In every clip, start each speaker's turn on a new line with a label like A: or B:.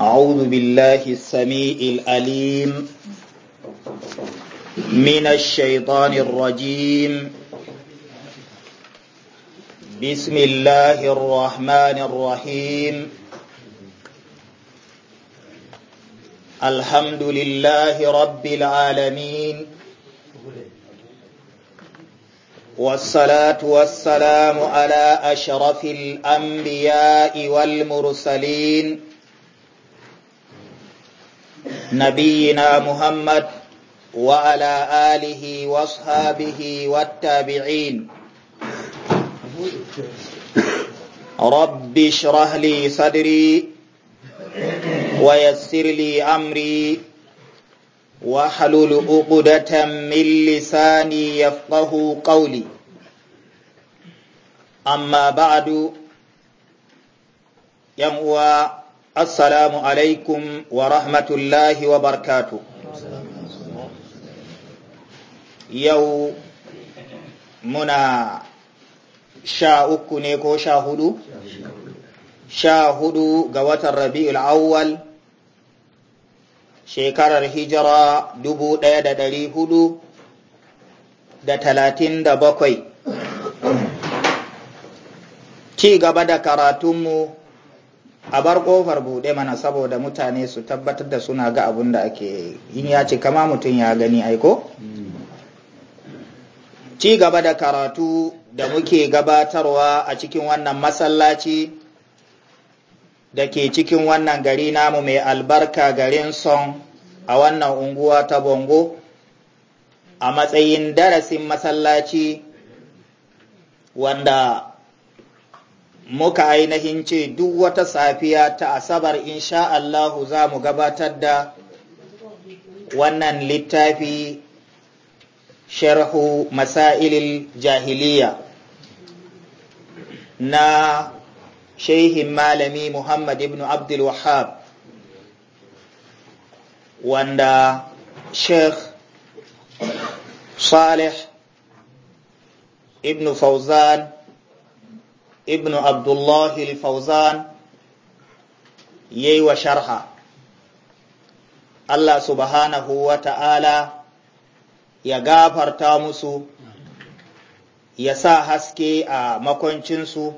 A: أعوذ بالله السميع الأليم من الشيطان الرجيم بسم الله الرحمن الرحيم الحمد لله رب العالمين والصلاة والسلام على أشرف الأنبياء والمرسلين نبينا محمد وعلى آله واصحابه والتابعين رب اشرح لي صدري ويسر لي أمري واحلل عقدة من لساني يفقه قولي أما بعد يموى assalamu alaikum wa rahmatullahi wa barkatu yau muna sha uku ne ko sha hudu sha hudu ga watan rabi'ul awwal shekarar hijira dubu ɗaya da ɗari hudu da talatin da bakwai ci gaba da karatunmu a bar kofar buɗe mana saboda mutane su tabbatar da suna ga abun da ake in ya ce kama mutum ya gani aiko ci gaba da karatu da muke gabatarwa a cikin wannan masallaci da ke cikin wannan gari namu mai albarka garin son a wannan unguwa ta bongo a matsayin darasin masallaci wanda muka ainihin ce duk wata safiya ta asabar insha Allahu za mu gabatar da wannan littafi sharhu masailil jahiliya na shehin malami Muhammad ibn Abdul Wahab wanda Sheikh Salih ibn Fauzan ibnu abdullahi al-fawzan yayi wa sharha Allah subhanahu wa ta'ala ya gafarta musu ya sa haske a makoncinsu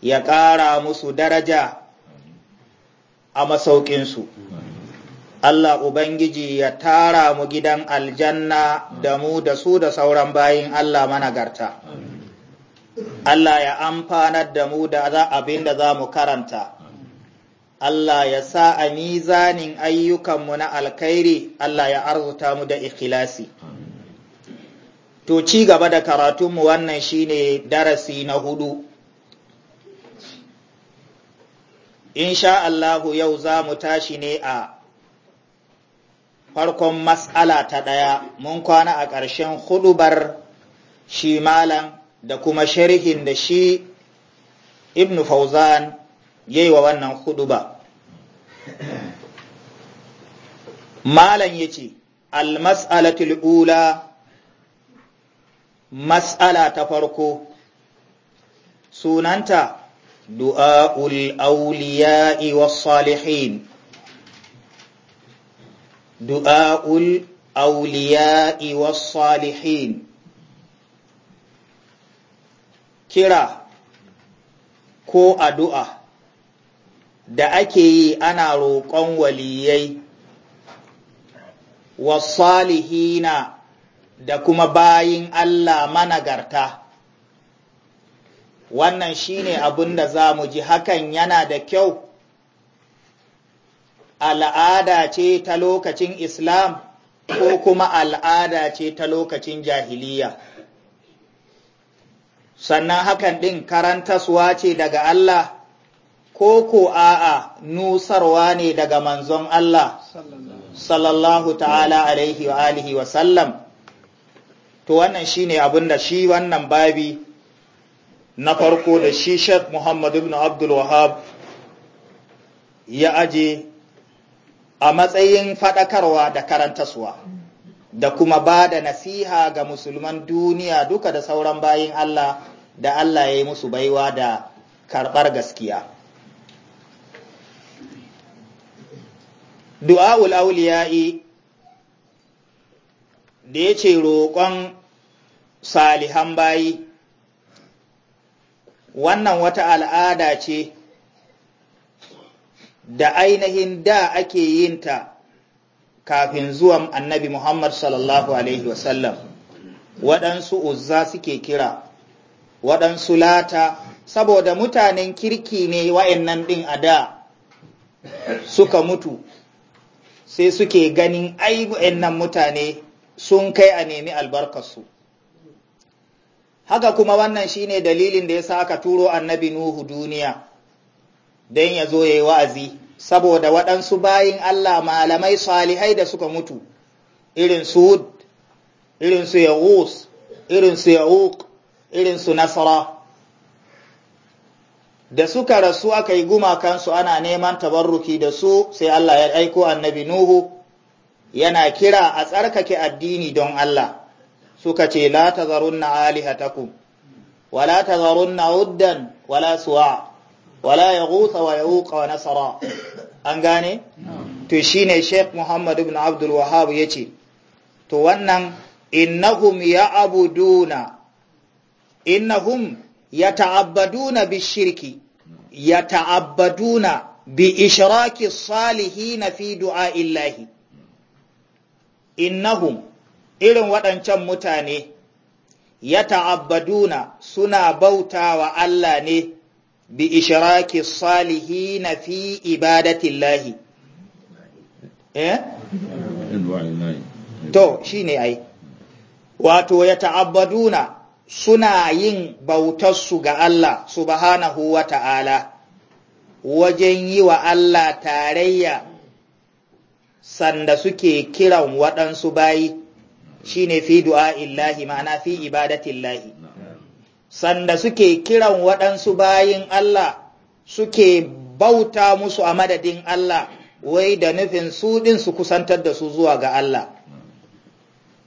A: ya ƙara musu daraja a masauƙinsu. Allah Ubangiji ya tara mu gidan aljanna da mu da su da sauran bayin Allah managarta. Allah ya amfanar da mu da za abin da za mu karanta. Allah ya sa a nizanin ayyukanmu na alkhairi Allah ya arzuta mu da ikhlasi. To ci gaba da karatunmu wannan shine darasi na hudu. Insha Allahu yau za mu tashi ne a farkon matsala ta ɗaya mun kwana a ƙarshen hudubar shi da kuma sharhin da shi ibn fauzan ya yi wa wannan huduba malam ya ce almas'alatul ula mas'ala ta farko sunanta du'a'ul auliya'i was salihin du'a'ul auliya'i was salihin kira ko addu'a da ake yi ana roƙon waliyai salihina da kuma bayin Allah managarta. Wannan shine abin da za mu ji hakan yana da kyau, al'ada ce ta lokacin Islam ko kuma al'ada ce ta lokacin jahiliya. sannan hakan ɗin karantaswa ce daga Allah ko ko a'a nusarwa ne daga manzon Allah sallallahu ta'ala alaihi wa alihi wa sallam to wannan shi ne abin da shi wannan babi na farko da shi Sheikh Muhammad ibn Abdul Wahab ya aje a matsayin faɗakarwa da karantaswa. da kuma ba da nasiha ga musulman duniya duka da sauran bayin Allah da Allah ya yi musu baiwa da karɓar gaskiya. Du'a'ul auliya'i da ya ce roƙon salihan bayi, wannan wata al'ada ce da ainihin da ake yinta kafin zuwan annabi Muhammad sallallahu Alaihi wasallam, waɗansu uzza suke kira, waɗansu lata, saboda mutanen kirki ne wa'yannan ɗin a da suka mutu, sai suke ganin ai wa'yannan mutane sun kai a nemi albarkarsu. Haka kuma wannan shine dalilin da ya sa aka turo annabi Nuhu duniya, don ya zo ya yi wa'azi. saboda waɗansu bayin Allah malamai salihai da suka mutu irin su Hud irin su Yahus irin su Yahuq irin su Nasara da suka rasu aka yi gumakansu ana neman tabarruki da su sai Allah ya aiko annabi Nuhu yana kira a tsarkake addini don Allah suka ce la la alihatakum wala tazarunna uddan wala suwa wala ya gutsa wa ya wuka wa nasara an gane to shine sheikh muhammad ibn abdul wahab ya ce to wannan innahum ya abuduna innahum ya ta'abbaduna bi shirki ya ta'abbaduna bi ishraki salihina fi du'a illahi innahum irin waɗancan mutane ya ta'abbaduna suna bautawa Allah ne bi ishiraki salihina fi ibadatillahi eh to shine ai wato ya ta'abbaduna suna yin bautarsu ga Allah subhanahu wa ta'ala wajen yi wa Allah tarayya sanda suke kiran waɗansu bayi shine fi du'a illahi ma'ana fi ibadatillahi sanda suke kiran waɗansu bayin Allah suke bauta musu a madadin Allah wai da nufin su ɗin su kusantar da su zuwa ga Allah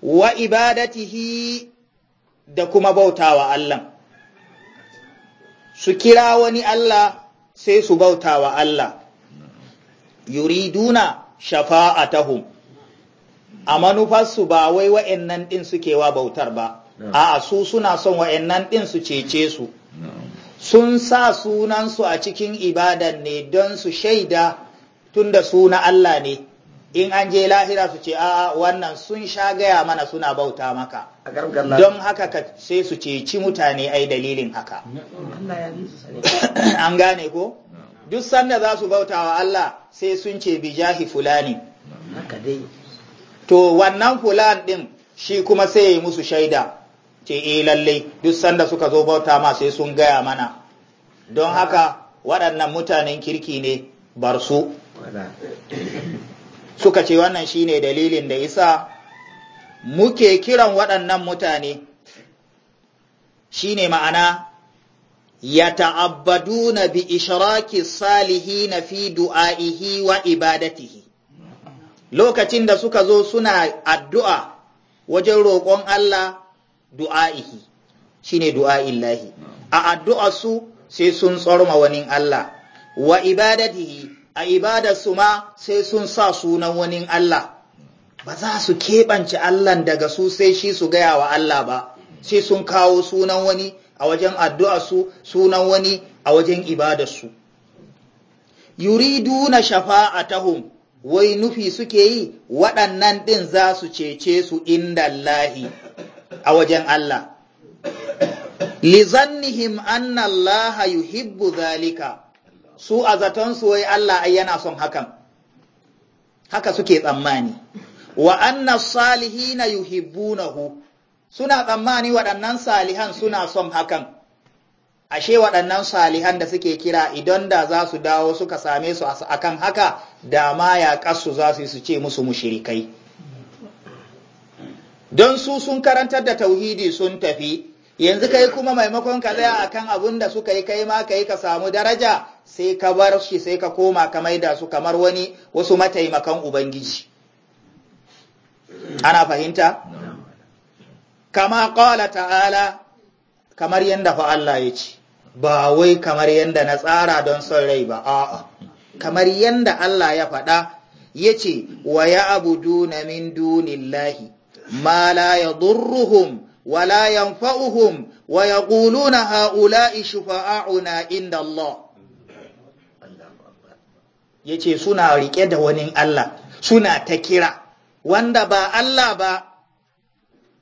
A: wa ibadatihi da kuma bautawa Allah su kira wani Allah sai su bauta wa Allah yuriduna shafa'atahum a manufarsu ba wai nan ɗin suke wa bautar ba a'a su suna son wa'annan ɗin su cece su sun sa sunansu a cikin ibadan ne don su shaida tun tunda suna Allah ne in an je lahira su ce a'a wannan sun sha gaya mana suna bauta maka don haka ka sai su ceci mutane ai dalilin haka an gane ko duk sanda za su bauta wa Allah sai sun ce bijahi fulani to wannan fulan din shi kuma sai ya yi musu shaida ce eh lalle duk sanda suka zo bauta ma sai sun gaya mana don haka waɗannan mutanen kirki ne bar su suka ce wannan shine dalilin da isa muke kiran waɗannan mutane shine ma'ana ya ta'abbadu na bi ishiraki salihi na fi du'a'ihi wa ibadatihi lokacin da suka zo suna addu'a wajen roƙon Allah du'a'ihi shine du'a'illahi a addu'a su sai sun tsorma wani Allah wa ibadatihi a ibadarsu ma sai sun sa sunan wani Allah ba za su keɓance Allah daga su sai shi su gaya wa Allah ba sai sun kawo sunan wani a wajen addu'arsu sunan wani a wajen ibadarsu na shafa'atahum wai nufi suke yi waɗannan ɗin za su cece su inda Allahi a wajen Allah lizannihim anna Allah yuhibbu zalika su a zaton su wai Allah ai yana son hakan haka suke tsammani wa anna salihina yuhibbunahu suna tsammani waɗannan salihan suna son hakan ashe waɗannan salihan da suke kira idan da za su dawo suka same su akan haka dama ma ya kasu za su yi su ce musu mushirikai don su sun karantar da tauhidi sun tafi yanzu kai kuma maimakon ka tsaya akan abun da suka yi kai ma kai ka samu daraja sai ka bar shi sai ka koma ka maida su kamar wani wasu mataimakan ubangiji ana fahimta kama qala ta'ala kamar yanda fa Allah ya ce ba wai kamar yanda na tsara don son rai ba a'a kamar yadda Allah ya faɗa yace wa ya abudu na min dunillahi ما لا يضرهم ولا ينفعهم ويقولون هؤلاء شفعاؤنا عند الله yace suna rike da wani Allah suna ta kira wanda ba Allah ba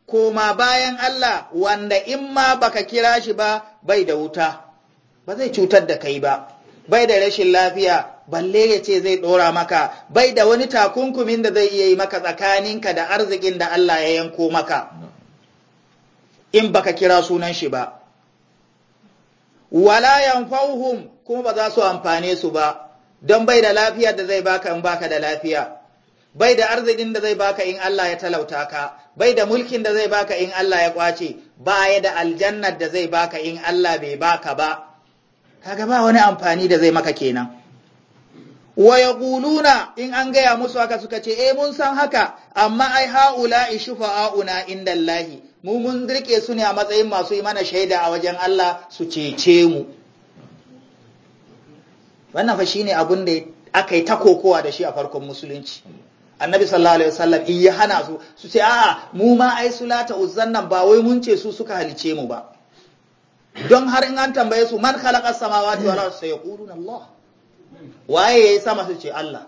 A: koma bayan Allah wanda in ma baka kira shi ba bai da wuta ba zai cutar da kai ba bai da rashin lafiya balle ya ce zai ɗora maka bai da wani takunkumin da zai iya yi maka tsakaninka da arzikin da Allah ya yanko maka in baka kira sunan shi ba wala yanfauhum kuma ba za su amfane su ba don bai da lafiya da zai baka in baka da lafiya bai da arzikin da zai baka in Allah ya talauta ka bai da mulkin da zai baka in Allah ya kwace baya da aljannar da zai baka in Allah bai baka ba kaga ba wani amfani da zai maka kenan wa yaquluna in an gaya musu haka suka ce e mun san haka amma ai haula shufa'auna indallahi mu mun rike su ne a matsayin masu imana shaida a wajen Allah su cece mu wannan fa shine abun da aka yi ta kokowa da shi a farkon musulunci annabi sallallahu alaihi wasallam in ya hana su su ce a'a mu ma ai sulata uzzan nan ba wai mun ce su suka halice mu ba don har in an tambaye su man khalaqa samawati wal ardi sayaquluna Allah waye ya yi sama su ce Allah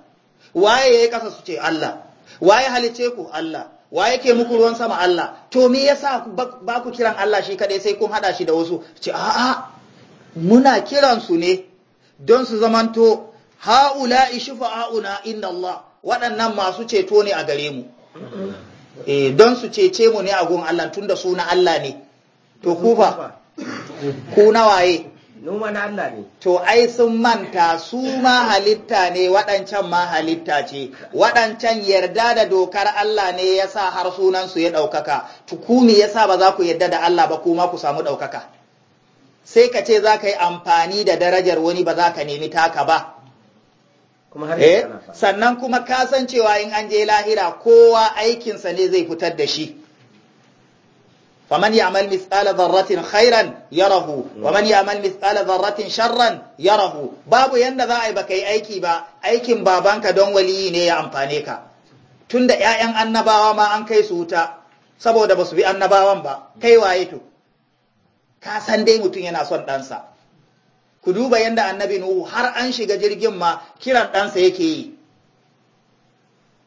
A: waye ya yi ƙasa su ce Allah waye halice ku Allah waye ke muku ruwan sama Allah to me ya sa ba ku kiran Allah shi kaɗai sai kun haɗa shi da wasu ce a'a muna kiran su ne don su zamanto ha'ula'i fa’a’una inda Allah waɗannan masu ceto ne a gare mu eh, don su cece mu ne a gun Allah da suna Allah ne to kufa ku nawaye noma Allah ne to ai sun manta su ma halitta ne waɗancan ma halitta ce waɗancan yarda da dokar Allah ne ya sa har sunan ya ɗaukaka tukumi sa ba za ku yarda da Allah ba kuma ku samu ɗaukaka sai ka ce za ka yi amfani da darajar wani ba za ka nemi taka ba eh? sannan kuma kasancewa in an je lahira kowa aikinsa ne zai fitar da shi faman ya'mal mithqala dharratin khairan yarahu waman ya'mal mithqala dharratin sharran yarahu babu yadda za a yi baka yi aiki ba aikin babanka don waliyi ne ya amfane ka tunda 'ya'yan annabawa ma an kai su wuta saboda ba su bi annabawan ba kai waye to ka san dai mutum yana son ɗansa ku duba yadda annabi Nuhu har an shiga jirgin ma kiran ɗansa yake yi.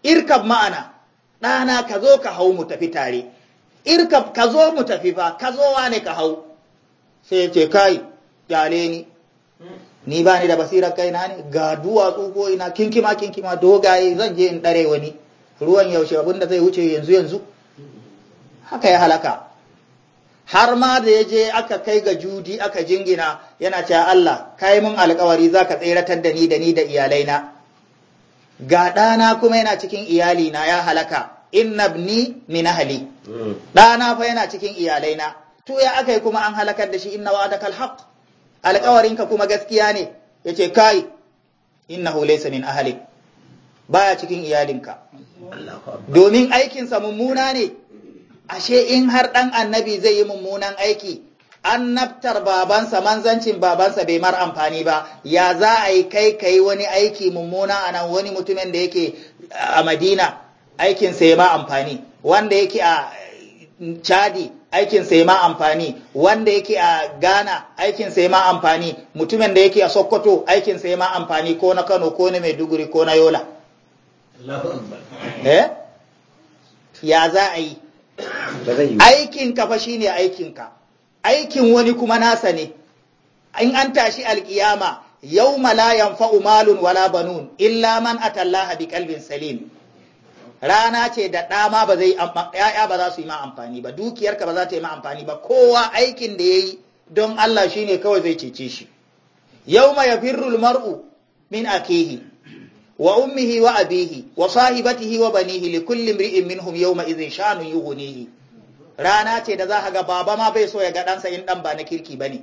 A: Irkab ma'ana, ɗana ka zo ka hau mu tafi tare, irka ka zo mu tafi ba, ka zo wane ka hau sai ce kai gyale ni ni ba ni da basirar kaina ne ga duwatsu ko ina kinkima kinkima dogaye zan je in ɗare wani ruwan yaushe abinda zai wuce yanzu yanzu haka ya halaka har ma da ya je aka kai ga judi aka jingina yana cewa Allah kai mun alkawari za ka tseratar da ni da ni da iyalaina ga ɗana kuma yana cikin iyalina ya halaka inna ibni min ahli dana hmm. fa yana cikin iyalaina to ya akai kuma an halakar da shi inna wa'adaka alhaq ka kuma gaskiya ne yace kai innahu laysa min ahli baya cikin iyalinka domin aikinsa mummuna ne ashe in har ɗan annabi zai yi mummunan aiki annabtar babansa manzancin babansa bai mar amfani ba ya za a yi kai kai wani aiki mummuna a wani mutumin da yake a madina aikinsa ya ma amfani wanda yake a eh, chadi aikinsa ya ma amfani wanda yake a ghana aikinsa ya ma amfani mutumin da yake a sokoto aikinsa ya ma amfani ko na kano ko na maiduguri ko na yola eh? ya za a yi aikinka fa shine aikinka aikin wani kuma nasa ne in an tashi alkiyama yau la yanfa'u malun wala banun illa man atallaha bi kalbin salim rana ce da ɗama ba zai ‘ya'ya ba za su yi ma amfani ba dukiyarka ba za ta yi ma amfani ba kowa aikin da ya yi don Allah shi ne kawai zai cece shi yau ma ya firrul mar'u min akhihi wa ummihi wa abihi wa sahibatihi wa banihi li kulli imri'in minhum yawma idhin shanun yughnihi rana ce da za ka ga baba ma bai so ya ga ɗansa in ɗan ba na kirki bane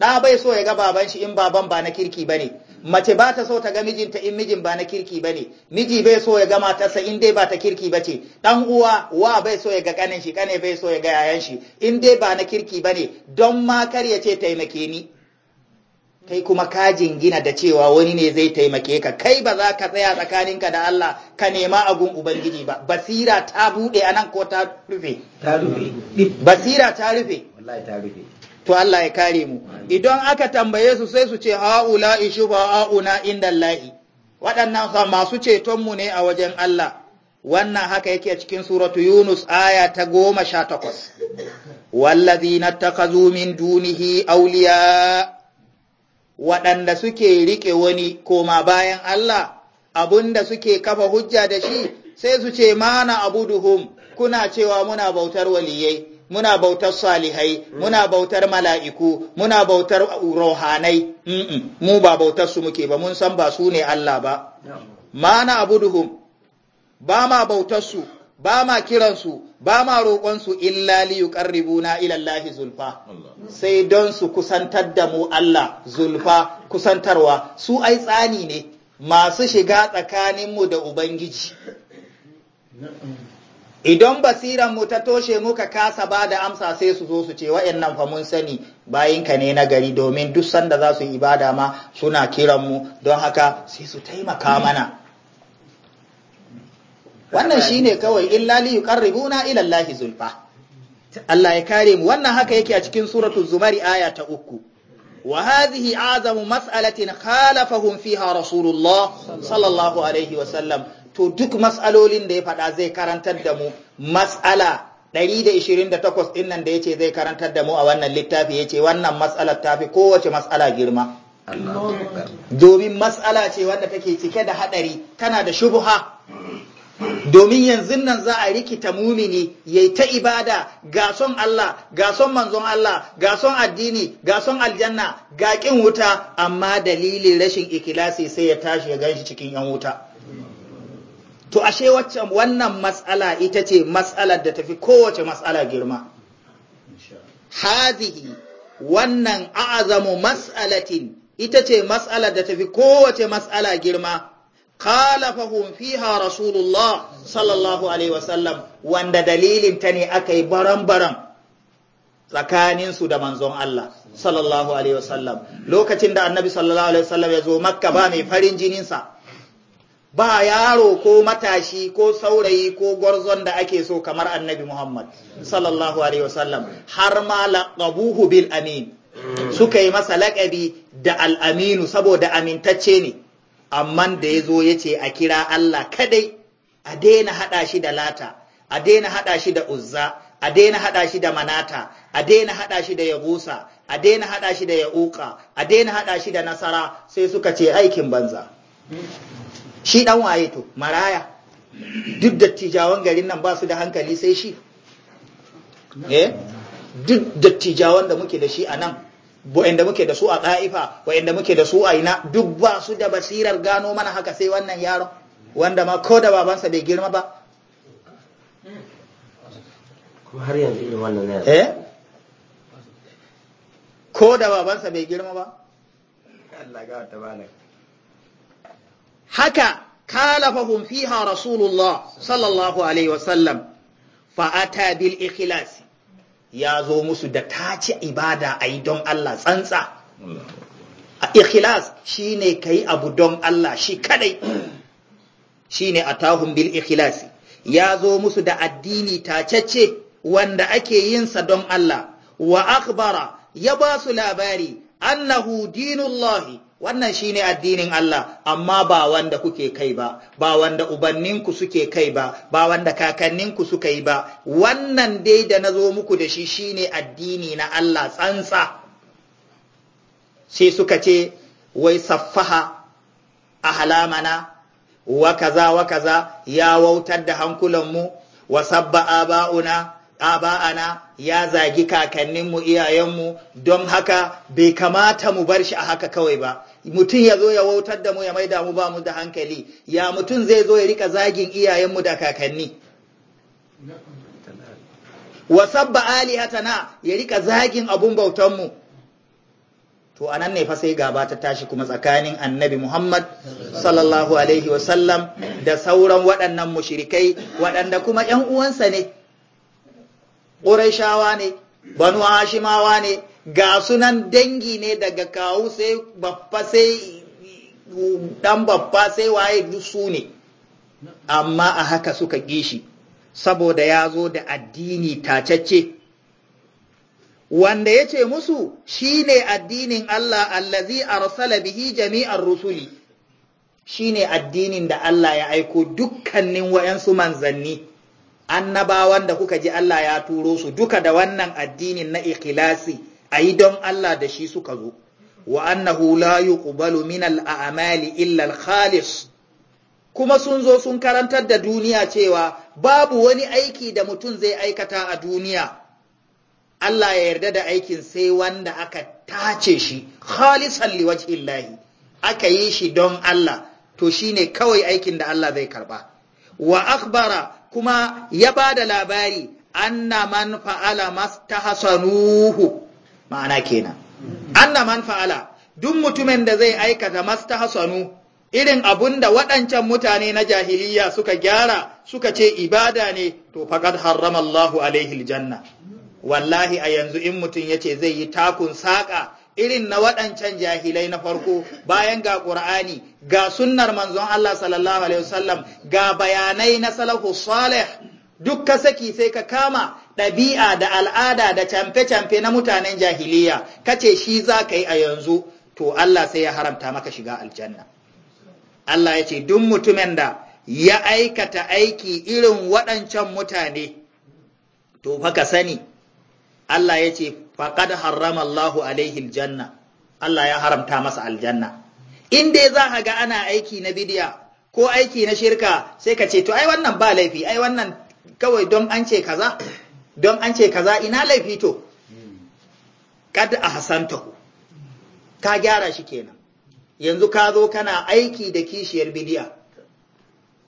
A: ɗa bai so ya ga baban shi in baban ba na kirki bane mace ba ta so ta ga mijinta in mijin ba na kirki ba ne miji bai so ya ga matarsa in dai ba ta kirki ba ce ɗan uwa wa bai so ya ga ƙanin shi ƙane bai so ya ga yayan shi in dai ba na kirki ba ne don ma kar ya ce taimake ni kai kuma ka jingina da cewa wani ne zai taimake ka kai ba za ka tsaya tsakaninka da Allah ka nema agun ubangiji ba basira ta buɗe nan ko ta rufe basira ta rufe to Allah ya kare mu idan aka tambaye su sai su ce ha'ula shufa'auna inda Lahi.' waɗannan masu cetonmu ne a wajen Allah wannan haka yake cikin suratu Yunus aya ta goma sha takwas na takazu min dunihi auliya waɗanda suke riƙe wani koma bayan Allah abunda suke kafa hujja da shi sai su ce mana abuduhum kuna cewa muna bautar waliyai muna bautar salihai muna bautar mala'iku muna bautar rohanai mu ba bautar su muke ba mun san ba su ne Allah ba ma na abuduhum ba ma bautar su ba ma kiran su, ba ma su illa li yuqarribuna ila zulfa sai don su kusantar da mu Allah zulfa kusantarwa su ai tsani ne masu shiga tsakaninmu da ubangiji idan basiran mu ta toshe muka kasa ba da amsa sai su zo su ce wa'annan fa mun sani bayinka ne na gari domin duk sanda za su yi ibada ma suna kiran mu don haka sai su taimaka mana wannan shi ne kawai "In laliyu, yuqarribuna ila zulfa Allah ya kare mu wannan haka yake a cikin suratul zumari aya ta uku wa hadhihi azamu mas'alatin khalafahum fiha rasulullah sallallahu alaihi wa sallam to duk matsalolin da ya faɗa zai karantar da mu matsala 128 ɗin nan da ya ce zai karantar da mu a wannan littafi ya ce wannan matsalar ta fi kowace matsala girma domin matsala ce wanda take cike da haɗari tana da shubuha domin yanzu nan za a rikita mumini yayi ta ibada ga son Allah ga son manzon Allah ga son addini ga son aljanna ga ƙin wuta amma dalilin rashin ikilasi sai ya tashi ya ganshi cikin yan wuta to ashe waccan wannan matsala ita ce matsalar da tafi kowace matsala girma hazihi wannan a'azamu mas'alatin ita ce matsalar da tafi kowace matsala girma khalafahum fiha rasulullah sallallahu alaihi wasallam wanda dalilin ta ne aka yi baran-baran tsakaninsu da manzon Allah sallallahu alaihi wasallam lokacin da annabi sallallahu alaihi wasallam ya zo makka ba mai farin jininsa ba yaro ko matashi ko saurayi ko gwarzon da ake so kamar annabi Muhammad sallallahu alaihi wasallam har ma laqabuhu bil amin suka yi masa laƙabi da al'aminu saboda amintacce ne amma da ya zo ya ce a kira Allah kadai a daina haɗa shi da lata a daina haɗa shi da uzza a daina haɗa shi da manata a daina haɗa shi da yagusa a daina haɗa shi da ya'uka a daina haɗa shi da nasara sai suka ce aikin banza shi ɗan waye to maraya duk dattijawan garin nan ba su da hankali sai shi eh duk dattijawan da muke da shi a nan wa'anda muke da su a ƙa'ifa wa'anda muke da su a ina duk ba su da basirar gano mana haka sai wannan yaron wanda ma ko da babansa bai girma ba har yanzu irin wannan ne eh ko da babansa bai girma ba Allah ga ta bana haka kalafahum fiha rasulullah sallallahu alaihi wasallam fa'ata bil ikhlasi ya zo musu da tace ibada a yi don Allah tsantsa a ikhlas shine kai abu don Allah shi kadai a tahun bil ikhlasi ya zo musu da addini tacece wanda ake yinsa don Allah wa akbara ya ba su labari annahu dinullahi wannan shine addinin Allah amma ba wanda kuke kai ba ba wanda ubanninku suke kai ba ba wanda kakanninku suka yi ba wannan dai da na zo muku da shi shine addini na Allah tsantsa sai suka ce wai saffaha a halamana wa kaza wa kaza ya wautar da hankulanmu wa sabba aba'una aba'ana ya zagi kakanninmu iyayenmu don haka bai kamata mu bar shi a haka kawai ba mutum ya zo ya wautar da mu ya maida mu ba mu da hankali ya mutum zai zo ya rika zagin iyayenmu da kakanni wa sabba alihatana ya rika zagin abun bautanmu to anan ne fa sai gaba ta tashi kuma tsakanin annabi Muhammad sallallahu alaihi wasallam da sauran waɗannan mushirikai waɗanda kuma ƴan uwansa ne, ƙuraishawa ne, banu Hashimawa ne, ga sunan dangi ne daga kawu sai ɗan sai dan baffa sai waye dusu ne amma a haka suka gishi saboda ya zo da addini tacacce wanda ya ce musu shine addinin Allah allazi arsala bihi jami'ar rusuli shi ne addinin da Allah ya aiko dukkanin wa'yansu manzanni annabawan da kuka ji Allah ya turo su duka da wannan addinin na ikhlasi ayi don Allah da shi suka zo wa annahu la yuqbalu min al illa al-khalis kuma sun zo sun karantar da duniya cewa babu wani aiki da mutum zai aikata a duniya Allah ya yarda da aikin sai wanda aka tace shi khalisan liwajhillahi aka yi shi don Allah to shi ne kawai aikin da Allah zai karba wa akhbara kuma ya ba da labari anna man fa'ala mastahsanuhu ma'ana kenan anna man fa'ala duk mutumin da zai aikata mastahsanu irin abun da waɗancan mutane na jahiliya suka gyara suka ce ibada ne to faqad harrama Allahu alaihi aljanna wallahi a yanzu in mutum yace zai yi takun saka irin na waɗancan jahilai na farko bayan ga Qur'ani ga sunnar manzon Allah sallallahu alaihi wasallam ga bayanai na salafus salih duk ka saki sai ka kama ɗabi'a da al'ada da camfe-camfe na mutanen jahiliya Ka ce shi za ka yi a yanzu to Allah sai ya haramta maka shiga aljanna Allah ya ce duk mutumin da ya aikata aiki irin waɗancan mutane to fa sani Allah ya ce faƙad harrama Allahu alaihi janna Allah ya haramta masa aljanna in dai za ka ga ana aiki na bidiya ko aiki na shirka sai ka ce to ai wannan ba laifi ai wannan kawai don an ce kaza don an ce kaza ina laifi to kada a hasantahu ka gyara shi kenan yanzu ka zo kana aiki da kishiyar bidiya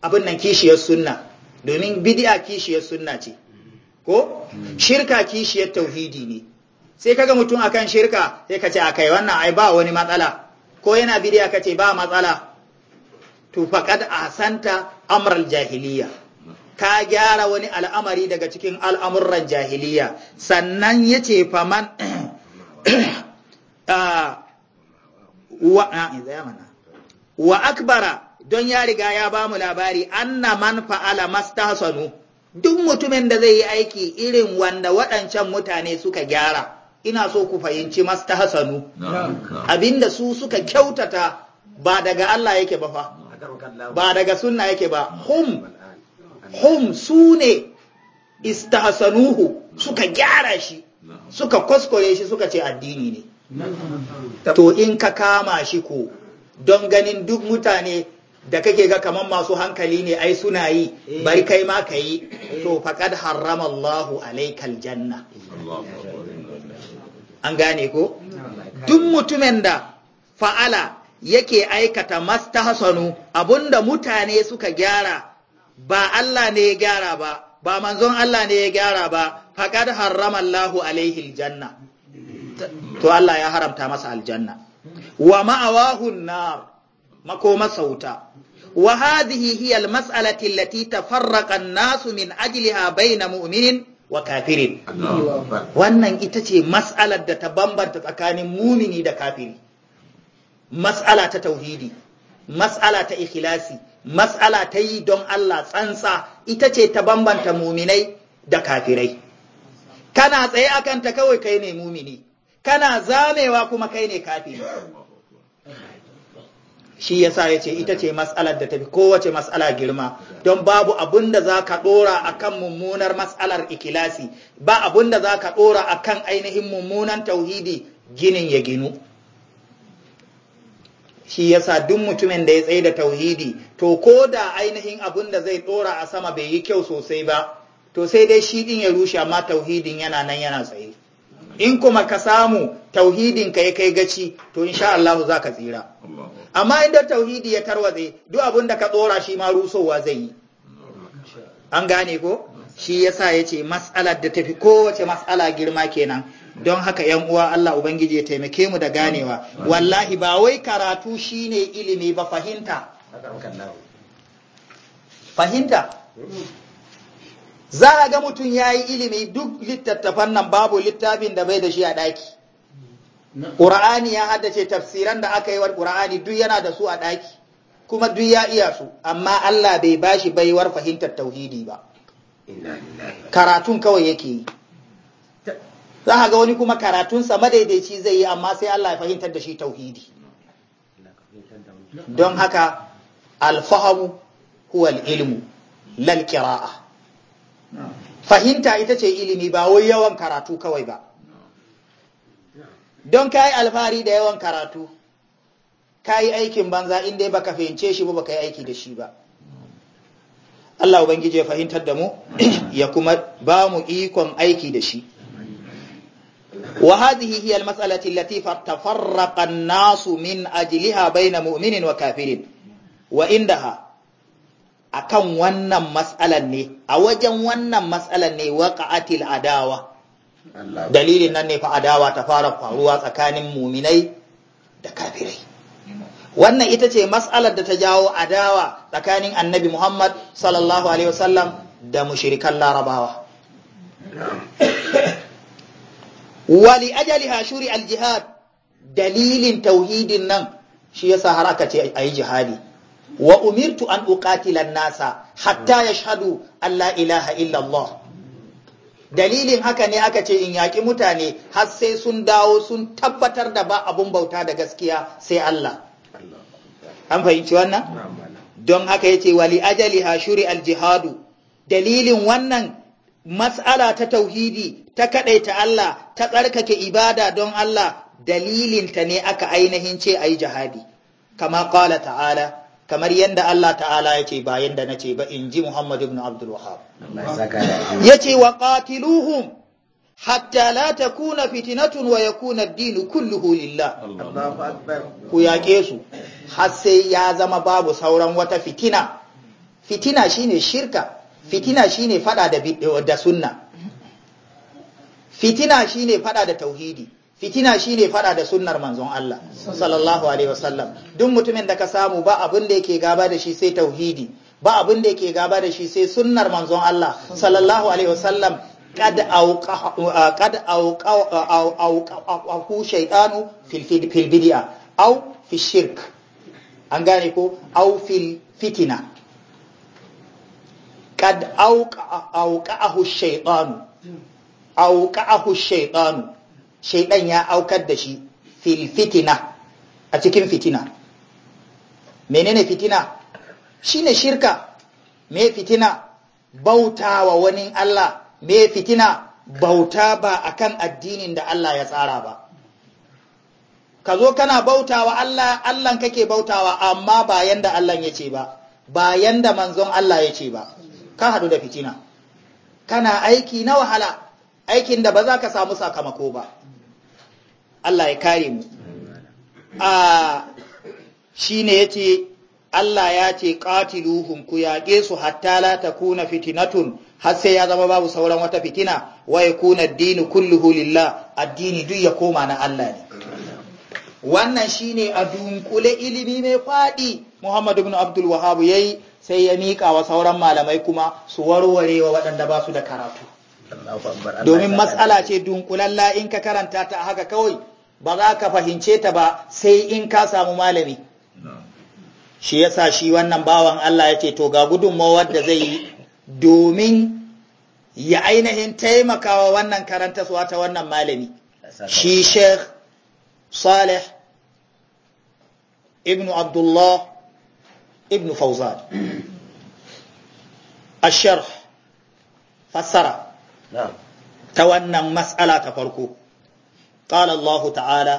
A: abin nan kishiyar sunna domin bidiya kishiyar sunna ce ko shirka kishiyar tauhidi ne sai kaga mutum akan shirka sai kace ce akai wannan ai ba wani matsala ko yana bidiya ka ce ba matsala to faqad ahsanta amral jahiliya ka gyara wani al'amari daga cikin al'amuran jahiliya sannan ya ce faman ah, ah, wa akbara don ya riga ya ba mu labari anna man fa'ala mastasanu duk mutumin da zai yi aiki irin wanda waɗancan mutane suka gyara ina so ku fahimci mastahsanu abinda su suka kyautata ba daga Allah yake ba fa ba daga sunna yake ba hum hum sune ne istahsanuhu suka gyara shi suka kwaskware shi suka ce addini ne to in ka kama shi ko don ganin duk mutane da kake ga kamar masu hankali ne ai suna yi bari kai ma ka yi to faqad harrama Allahu alaikal janna an gane ko duk mutumin da fa'ala yake aikata mastahsanu abunda mutane suka gyara ba Allah ne ya gyara ba ba manzon Allah ne ya gyara ba faqad harrama Allahu alaihi aljanna to Allah ya haramta masa aljanna wa ma'awahun nar makoma sauta wa hadhihi hiya almas'alati allati tafarraqa an-nasu min ajliha bayna mu'minin wa kafirin wannan ita ce mas'alar da ta bambanta tsakanin mumini da kafiri mas'ala ta tauhidi mas'ala ta ikhlasi matsala ta yi don Allah tsantsa ita ce ta bambanta muminai da kafirai kana tsaye a kanta kawai kai ne mumini kana zamewa kuma kai ne kafiri shi yasa ya ce ita ce matsalar da tafi kowace mas'ala girma don babu abun da za ka ɗora a kan mummunar mas'alar ikilasi ba abun da za ka ɗora a kan ainihin mummunan tauhidi ginin ya ginu shi yasa duk mutumin da ya tsaye da tauhidi to ko da ainihin abin da zai dora a sama bai yi kyau sosai ba to sai dai shi din ya rushe amma tauhidin yana nan yana tsaye in kuma ka samu tauhidin ka ya kai gaci to insha Allah za ka tsira amma inda tauhidi ya tarwatse duk abin da ka tsora shi ma rusowa zai yi an gane ko shi yasa yace mas'alar da tafi kowace mas'ala girma kenan don haka yan uwa Allah ubangiji ya taimake mu da ganewa wallahi ba wai karatu shine ilimi ba fahimta fahimta za a ga mutum ya yi ilimi duk littattafan nan babu littafin da bai da shi a ɗaki ƙura'ani ya haddace tafsiran da aka yi wa ƙura'ani duk yana da su a ɗaki kuma duk ya iya su amma Allah bai bashi baiwar fahimtar tauhidi ba karatun kawai yake yi za ka ga wani kuma karatunsa madaidaici zai yi amma sai Allah ya fahimtar da shi tauhidi don haka alfahamu huwa ilmu lal kira'a fahimta ita ce ilimi ba wai yawan karatu kawai ba don yi alfahari da yawan karatu ka yi aikin banza inda baka fahimce shi ba baka yi aiki da shi ba Allah Ubangiji ya fahimtar da mu ya kuma ba mu ikon aiki da shi وهذه هي المسألة التي تفرق الناس من أجلها بين muminin وكافر وإندها akan wannan matsalan a wajen wannan matsalan ne waqa'atil adawa dalilin nan ne fa adawa ta fara faruwa tsakanin muminai da kafirai wannan ita ce matsalar da ta jawo adawa tsakanin annabi Muhammad sallallahu da mushirikan larabawa wali ajali hashuri aljihad dalilin tauhidin nan shi yasa har aka ce ayi jihadi wa umirtu an uqatila nasa hatta yashhadu an ilaha illa Allah dalilin haka ne aka ce in yaki mutane har sai sun dawo sun tabbatar da ba abun bauta da gaskiya sai Allah an fahimci wannan don haka yace wali ajali hashuri aljihadu dalilin wannan Matsala ta tauhidi ta kaɗaita Allah ta tsarkake ibada don Allah dalilinta ne aka ainihin ce a yi jihadi kama ƙala ta'ala kamar yadda Allah ta'ala ya ce bayan da na ce ba in ji Muhammad ibn Abdul Wahab. Ya ce wa qatiluhum hatta la takuna fitinatun wa yakuna ad-din kulluhu lillah. Ku yaƙe su har sai ya zama babu sauran wata fitina. Fitina shine shirka. fitina shine fada da da sunna fitina shine fada da tauhidi fitina shine fada da sunnar manzon Allah sallallahu alaihi wasallam duk mutumin da ka samu ba abin da yake gaba da shi sai tauhidi ba abin da yake gaba da shi sai sunnar manzon Allah sallallahu alaihi wasallam kad auqa kad auqa auqa ku shaytanu fil fil bid'a aw fi shirk an gane ko aw fil fitina kad auqa'ahu shaytanu auqa'ahu ya aukar da shi fil fitina a cikin fitina menene fitina shine shirka me fitina bauta wa wani Allah me fitina bauta ba akan addinin da Allah ya tsara ba ka zo kana bautawa Allah Allah kake bautawa amma ba yanda Allah ya ce ba ba yanda manzon Allah ya ce ba ka haɗu da fitina kana aiki na wahala aikin da ba za ka samu sakamako ba Allah ya kare mu a shi ne ya ce Allah ya ce ƙatiluhun ku yaƙe su hatta la ta kuna fitinatun har sai ya zama babu sauran wata fitina wa kuna dini kullu addini duk ya koma na Allah ne wannan shi ne a dunkule ilimi mai faɗi Muhammadu bin Abdul ya yayi sai ya miƙa wa sauran malamai kuma su warware wa waɗanda ba su da karatu domin matsala ce dunkulalla in ka karanta ta haka kawai ba za ka fahimce ta ba sai in ka samu malami shi ya sa shi wannan bawan Allah ya ce to ga gudunmawar da zai yi domin ya ainihin taimakawa wannan su ta wannan malami shi sheikh salih Ibn abdullah Ibn fauzan asharh fassara ta wannan mas'ala ta farko qala Allah ta'ala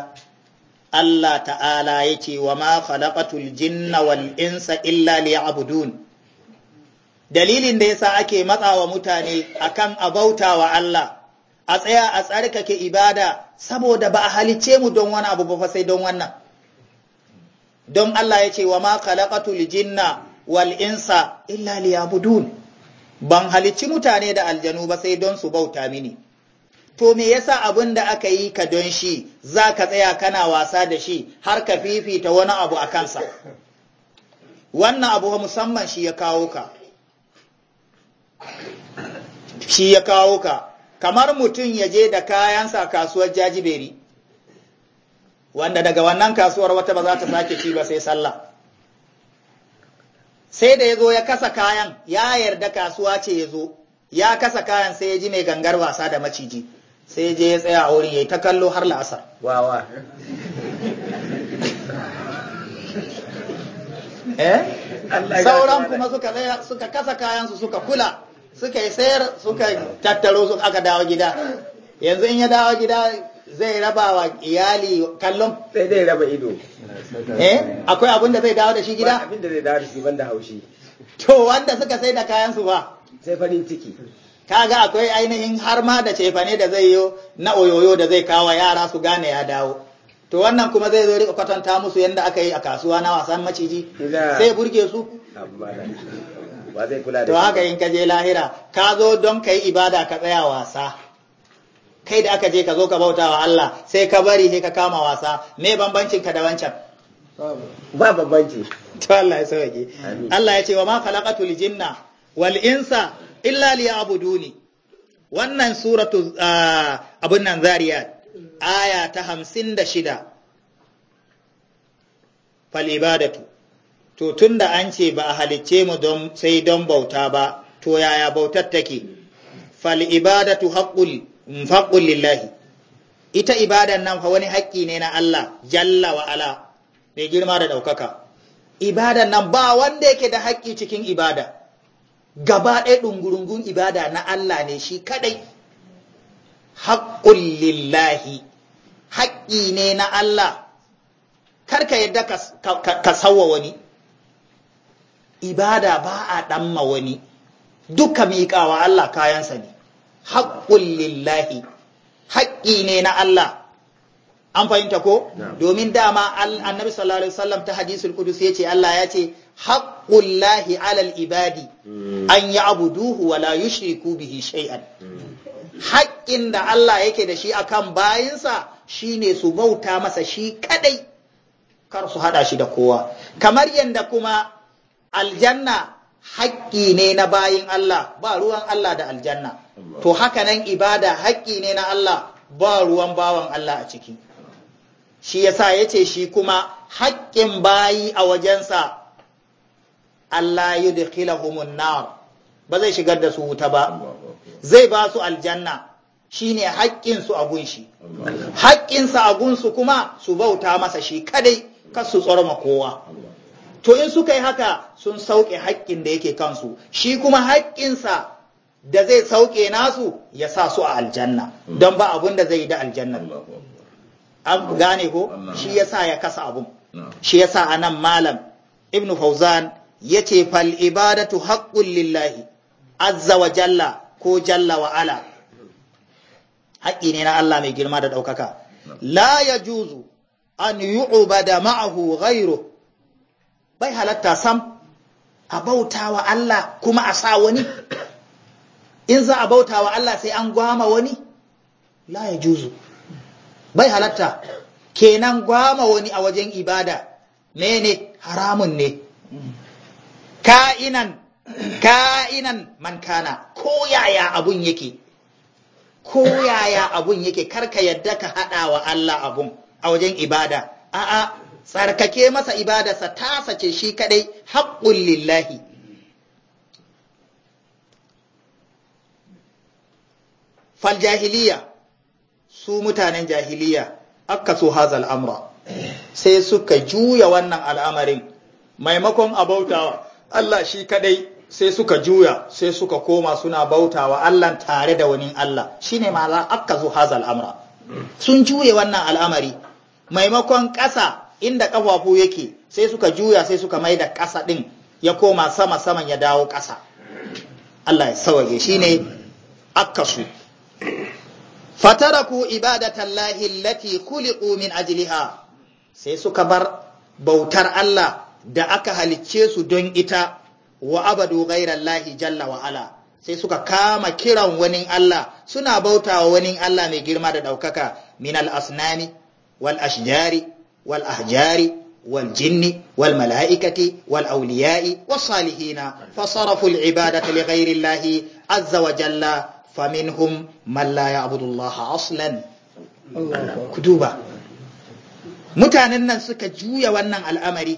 A: Allah ta'ala yace wa ma khalaqatul jinna wal insa illa liya'budun dalilin da yasa ake matsawa mutane akan bauta wa Allah a tsaya a tsarkake ibada saboda ba a halice mu don wani abu ba sai don wannan don Allah ya ce wa ma khalaqatul jinna wal insa illa liyabudun ban halicci mutane da aljanu ba sai don su bauta mini to me yasa abin da aka yi ka don shi za ka tsaya kana wasa da shi har ka fifita wani abu a kansa wannan abu musamman shi ya kawo ka shi ya kawo ka kamar mutum ya je da kayansa kasuwar jajiberi wanda daga wannan kasuwar wata ba za ta sake ci ba sai sallah sai da ya zo ya kasa kayan ya yarda kasuwa ce ya zo ya kasa kayan sai ya ji mai gangar wasa da maciji sai je ya tsaya a wurin ya yi ta kallo har la'asar wawa eh sauran kuma suka kasa kayansu suka kula suka yi sayar suka tattaro su aka dawo gida yanzu in ya dawo gida zai raba wa iyali kallon sai zai raba ido Eh? eh akwai abin da zai dawo da shi gida abin da zai dawo da shi da haushi to wanda suka sai da kayan su ba sai farin ciki kaga akwai ainihin har ma da cefane da zai yi na oyoyo da zai kawo yara su gane ya dawo to wannan kuma zai zo rika kwatanta musu yadda aka yi a kasuwa na wasan maciji sai burge su to haka in ka je lahira ka zo don ka yi ibada ka tsaya wasa kai da aka je ka zo ka bauta wa Allah sai ka bari sai ka kama wasa me bambancin ka da wancan ba babbanci to Allah ya sauke Allah ya ce wa ma khalaqatul jinna wal insa illa liya'buduni wannan suratu abun nan zariyat aya ta hamsin da shida falibadatu to tunda an ce ba a halicce mu sai don bauta ba to yaya bautar take falibadatu haqqul faqqul lillahi ita ibadan nan fa wani haƙƙi ne na Allah jalla wa ala mai girma da ɗaukaka ibadan nan ba wanda yake da haƙƙi cikin ibada gaba ɗaya ɗungurungun ibada na Allah ne shi kaɗai haƙƙun lillahi haƙƙi ne na Allah karka yadda ka sauwa wani ibada ba a ɗamma wani duka miƙawa Allah kayansa ne haƙƙun lillahi haƙƙi ne na Allah an fahimta ko domin dama annabi sallallahu alaihi wasallam ta hadisul qudusi yace Allah ya ce haqqullahi alal ibadi hmm. an ya'buduhu wa la yushriku bihi shay'an hmm. haƙƙin da Allah yake da shi akan bayinsa shine su bauta masa shi kadai kar su hada shi da kowa kamar yanda kuma aljanna haƙƙi ne na bayin Allah ba ruwan Allah da aljanna to haka nan ibada haƙƙi ne na Allah ba ruwan bawan Allah a ciki shi yasa ce shi kuma haƙƙin bayi a wajensa Allah yudkhilahumun nar ba zai shigar da su wuta ba zai ba su aljanna shine haƙƙin su a gunshi Haƙƙinsa a gunsu kuma su bauta masa shi kadai kar su tsorma kowa to in suka yi haka sun sauƙe haƙƙin da yake kansu shi kuma haƙƙinsa da zai sauƙe nasu ya sa su a aljanna don ba abin da zai yi da aljanna. an gane ko shi yasa ya kasa abun shi yasa anan malam ibn fauzan yace fal ibadatu haqqul lillahi azza wa jalla ko jalla wa ala haƙƙi ne na Allah mai girma da ɗaukaka la yajuzu an yu'bada ma'ahu ghayru bai halatta sam a bautawa Allah kuma a sa wani in za a bautawa Allah sai an gwama wani la yajuzu bai halatta kenan gwama wani a wajen ibada mene haramun ne ka'inan ka'inan man kana ko yaya abun yake ko yaya abun yake karka yadda ka haɗa wa Allah abun a wajen ibada a'a tsarkake masa ibadarsa ta sace shi kadai haƙƙun lillahi fal jahiliya su mutanen jahiliya akka su hazal amra sai suka juya wannan al'amarin maimakon a bautawa Allah shi kadai sai suka juya sai suka koma suna bautawa Allah tare da wani Allah shine maza akka su hazal amra sun juye wannan al'amari maimakon ƙasa inda ƙafafu yake sai suka juya sai suka mai da ƙasa ɗin ya koma sama saman ya dawo ƙasa Allah ya sawaye shine su. fataraku ibadatallahi lati khuliqu min ajliha sai suka bar bautar Allah da aka halicce su don ita wa abadu Lahi jalla wa ala sai suka kama kiran wani Allah suna bautawa wani Allah mai girma da ɗaukaka min al asnani wal ashjari wal ahjari wal jinni wal mala'ikati wal awliya'i was salihina fasarafu al-ibadata li ghairillahi azza wa jalla faminhum Malla ya ya'budullaha aslan ku duba mutanen nan suka juya wannan al'amari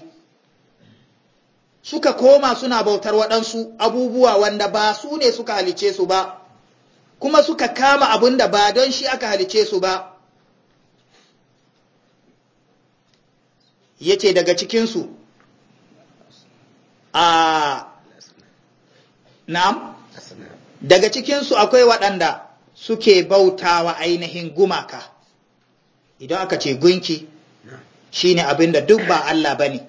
A: suka koma suna bautar waɗansu abubuwa wanda ba su ne suka halice su ba kuma suka kama abin da ba don shi aka halice su ba yace daga cikinsu a na'am daga cikinsu akwai waɗanda suke bautawa ainihin gumaka idan aka ce gunki shi ne abin da duk ba Allah ba ne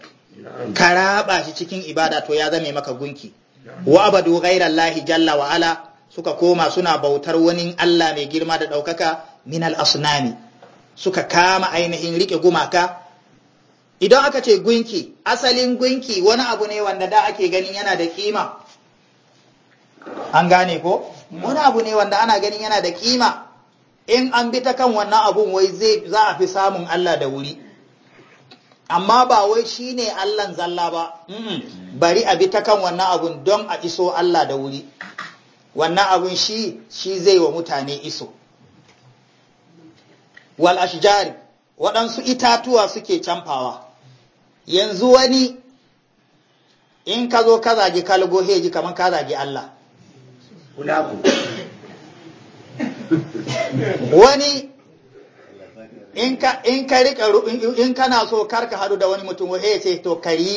A: ka raba shi cikin ibada to ya zame maka gunki wa abadu lahi jalla wa ala suka koma suna bautar wani Allah mai girma da ɗaukaka min al suka kama ainihin riƙe gumaka idan aka ce gunki asalin gunki wani abu ne wanda da ake ganin yana da kima an gane ko wani abu ne wanda ana ganin yana da kima in an bi ta kan wannan abun wai zai za a fi samun Allah da wuri amma ba wai shine Allahn zalla ba bari a bi ta kan wannan abun don a iso Allah da wuri wannan abun shi shi zai wa mutane iso wal ashjari waɗansu itatuwa suke camfawa yanzu wani in ka zo ka zagi kalgo heji kamar ka zagi Allah kunaku wani in ka in ka na kana so karka hadu da wani mutum waye ce to kari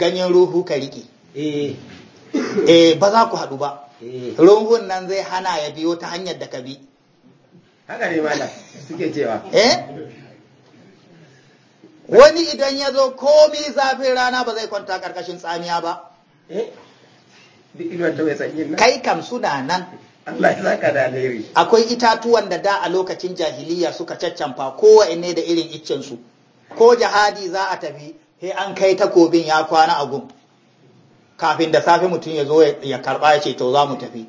A: ganyen ruhu ka riki eh. eh ba za ku hadu ba eh. ruhun nan zai hana ya biyo ta hanyar da ka bi haka ne ma suke cewa eh wani idan ya zo komi zafin rana ba zai kwanta karkashin tsamiya ba eh. kai kam suna nan akwai itatuwan da da a lokacin jahiliya suka caccanfa kowanne da irin iccen su ko jihadi za a tafi sai an kai takobin ya kwana a gun kafin da safe mutum ya zo ya karba ya ce to za mu tafi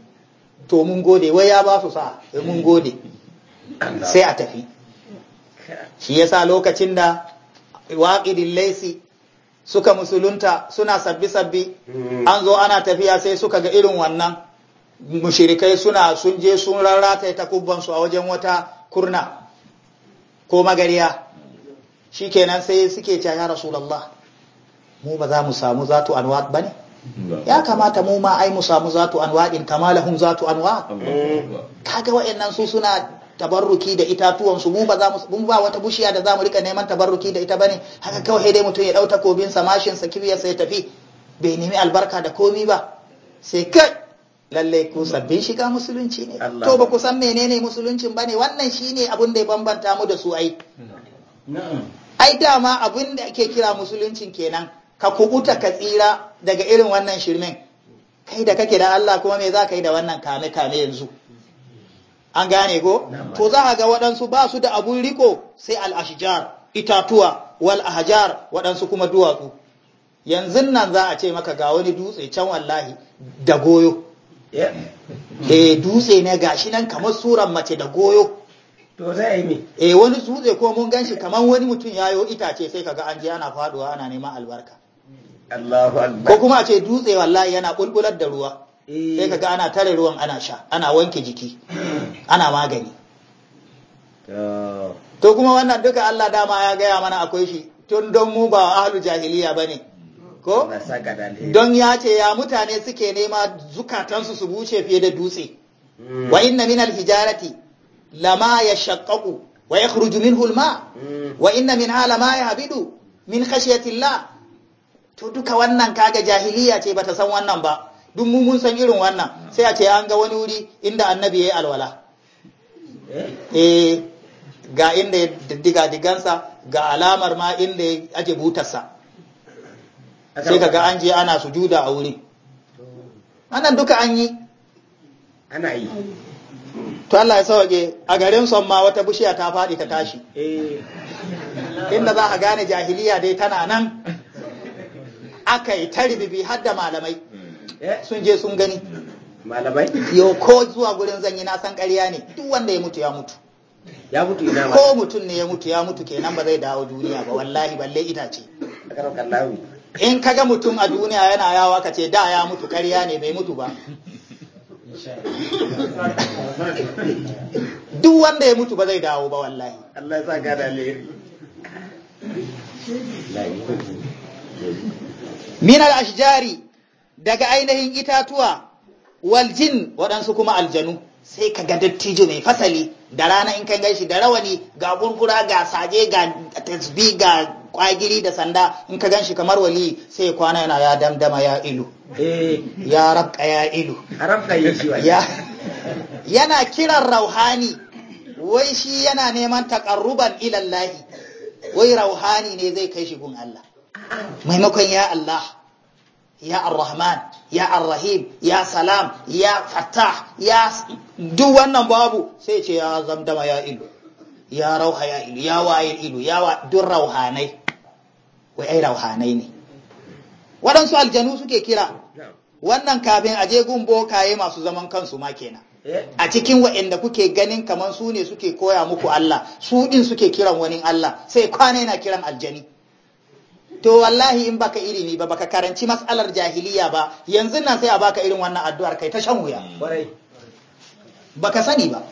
A: to mun gode wai ya ba su sa mun gode sai a tafi shi yasa lokacin da waƙidin laisi suka musulunta suna sabbi-sabbi mm. an zo ana tafiya sai suka ga irin wannan mushirikai suna sun je sun rarrata ta kubbansu a wajen wata kurna ko magariya shi kenan sai suke ce ya rasulallah mu ba za mu samu zatu anwa ba ne mm. ya kamata mu ma ai mu samu zatu anwa in kamalahun zatu zatu anwa kaga nan su suna tabarruki da itatuwan su mu ba za mu ba wata bushiya da za mu rika neman tabarruki da ita bane haka kawai dai mutum ya dauta kobin sa mashin sa kibiya sa ya tafi bai nemi albarka da komi ba sai kai lallai ku sabbin shiga musulunci ne to ba ku san menene musuluncin bane wannan shine abun da ya bambanta mu da su ai ai dama abun da ake kira musuluncin kenan ka kubuta ka tsira daga irin wannan shirmin kai da kake da Allah kuma me za ka yi da wannan kame kame yanzu an gane ko to za a ga waɗansu ba su da abun riko sai al'ashijar itatuwa wal ahjar waɗansu kuma duwatsu yanzu nan za a ce maka ga wani dutse can wallahi da goyo eh dutse ne gashi nan kamar suran mace da goyo to za eh wani dutse ko mun ganshi kamar wani mutum yayo itace sai kaga an je ana faɗuwa ana neman albarka
B: Allahu ko kuma
A: a ce dutse wallahi yana bulbular da ruwa Eh. sai ka ga ana tare ruwan ana sha ana wanke jiki ana magani to kuma wannan duka Allah dama ya gaya mana akwai shi tun don mu ba ahlu jahiliya bane ko don ya ce ya mutane suke nema zukatansu su buce fiye da dutse
B: hmm. wa inna
A: min alhijarati lama yashaqqaqu wa yakhruju minhu hulma? Hmm. wa inna min lama yahbidu min khashyati Allah to duka wannan kaga jahiliya ce bata san wannan ba duk mun san irin wannan sai a ce an ga wani wuri inda annabi ya yi alwala eh? eh ga inda ya diga digansa ga alamar ma inda ya ake butarsa sai kaga an je ana sujuda a wuri anan duka an yi ana yi to Allah ya sauke a garin son ma wata bishiya ta faɗi ta tashi eh. inda za a gane jahiliya dai tana nan aka yi ta ribibi har da malamai Eh, sun je sun gani malamai yau ko zuwa gurin zanyi na san ƙarya ne duk wanda ya mutu ya mutu ya mutu ina ko mutum ne ya mutu ya mutu kenan ba zai dawo duniya ba wallahi balle itace in kaga mutum a duniya yana yawa ka ce da ya mutu ƙarya ne bai mutu ba duk wanda ya mutu ba zai dawo ba wallahi Allah ya sa gada min al-ashjari daga ainihin itatuwa waljin waɗansu kuma aljanu sai ka ga dattijo mai fasali da rana in kan ganshi da rawani ga gurgura ga saje ga tasbi ga kwagiri da sanda in ka ganshi kamar wali sai kwana yana ya damdama ya ilu eh. ya rabka ya ilu yana kiran rauhani wai shi yana neman takarruban ilallahi wai rauhani ne zai kai shi gun Allah maimakon ya Allah ya ar-rahman ya ar-rahim ya salam ya fattah ya duk wannan babu sai ce ya zamdama ya ilu ya rauha ya ilu ya waye ilu ya wa duk rauhanai wai ai rauhanai ne waɗansu aljanu suke kira wannan kafin aje gun bokaye masu zaman kansu ma kenan eh? a cikin wa'anda kuke ganin kaman su ne suke koya muku Allah su ɗin suke kiran wani Allah sai kwana yana kiran aljani to wallahi in baka ilimi ba baka karanci mas'alar jahiliya ba yanzu nan sai a baka irin wannan addu'ar kai ta shan wuya baka sani ba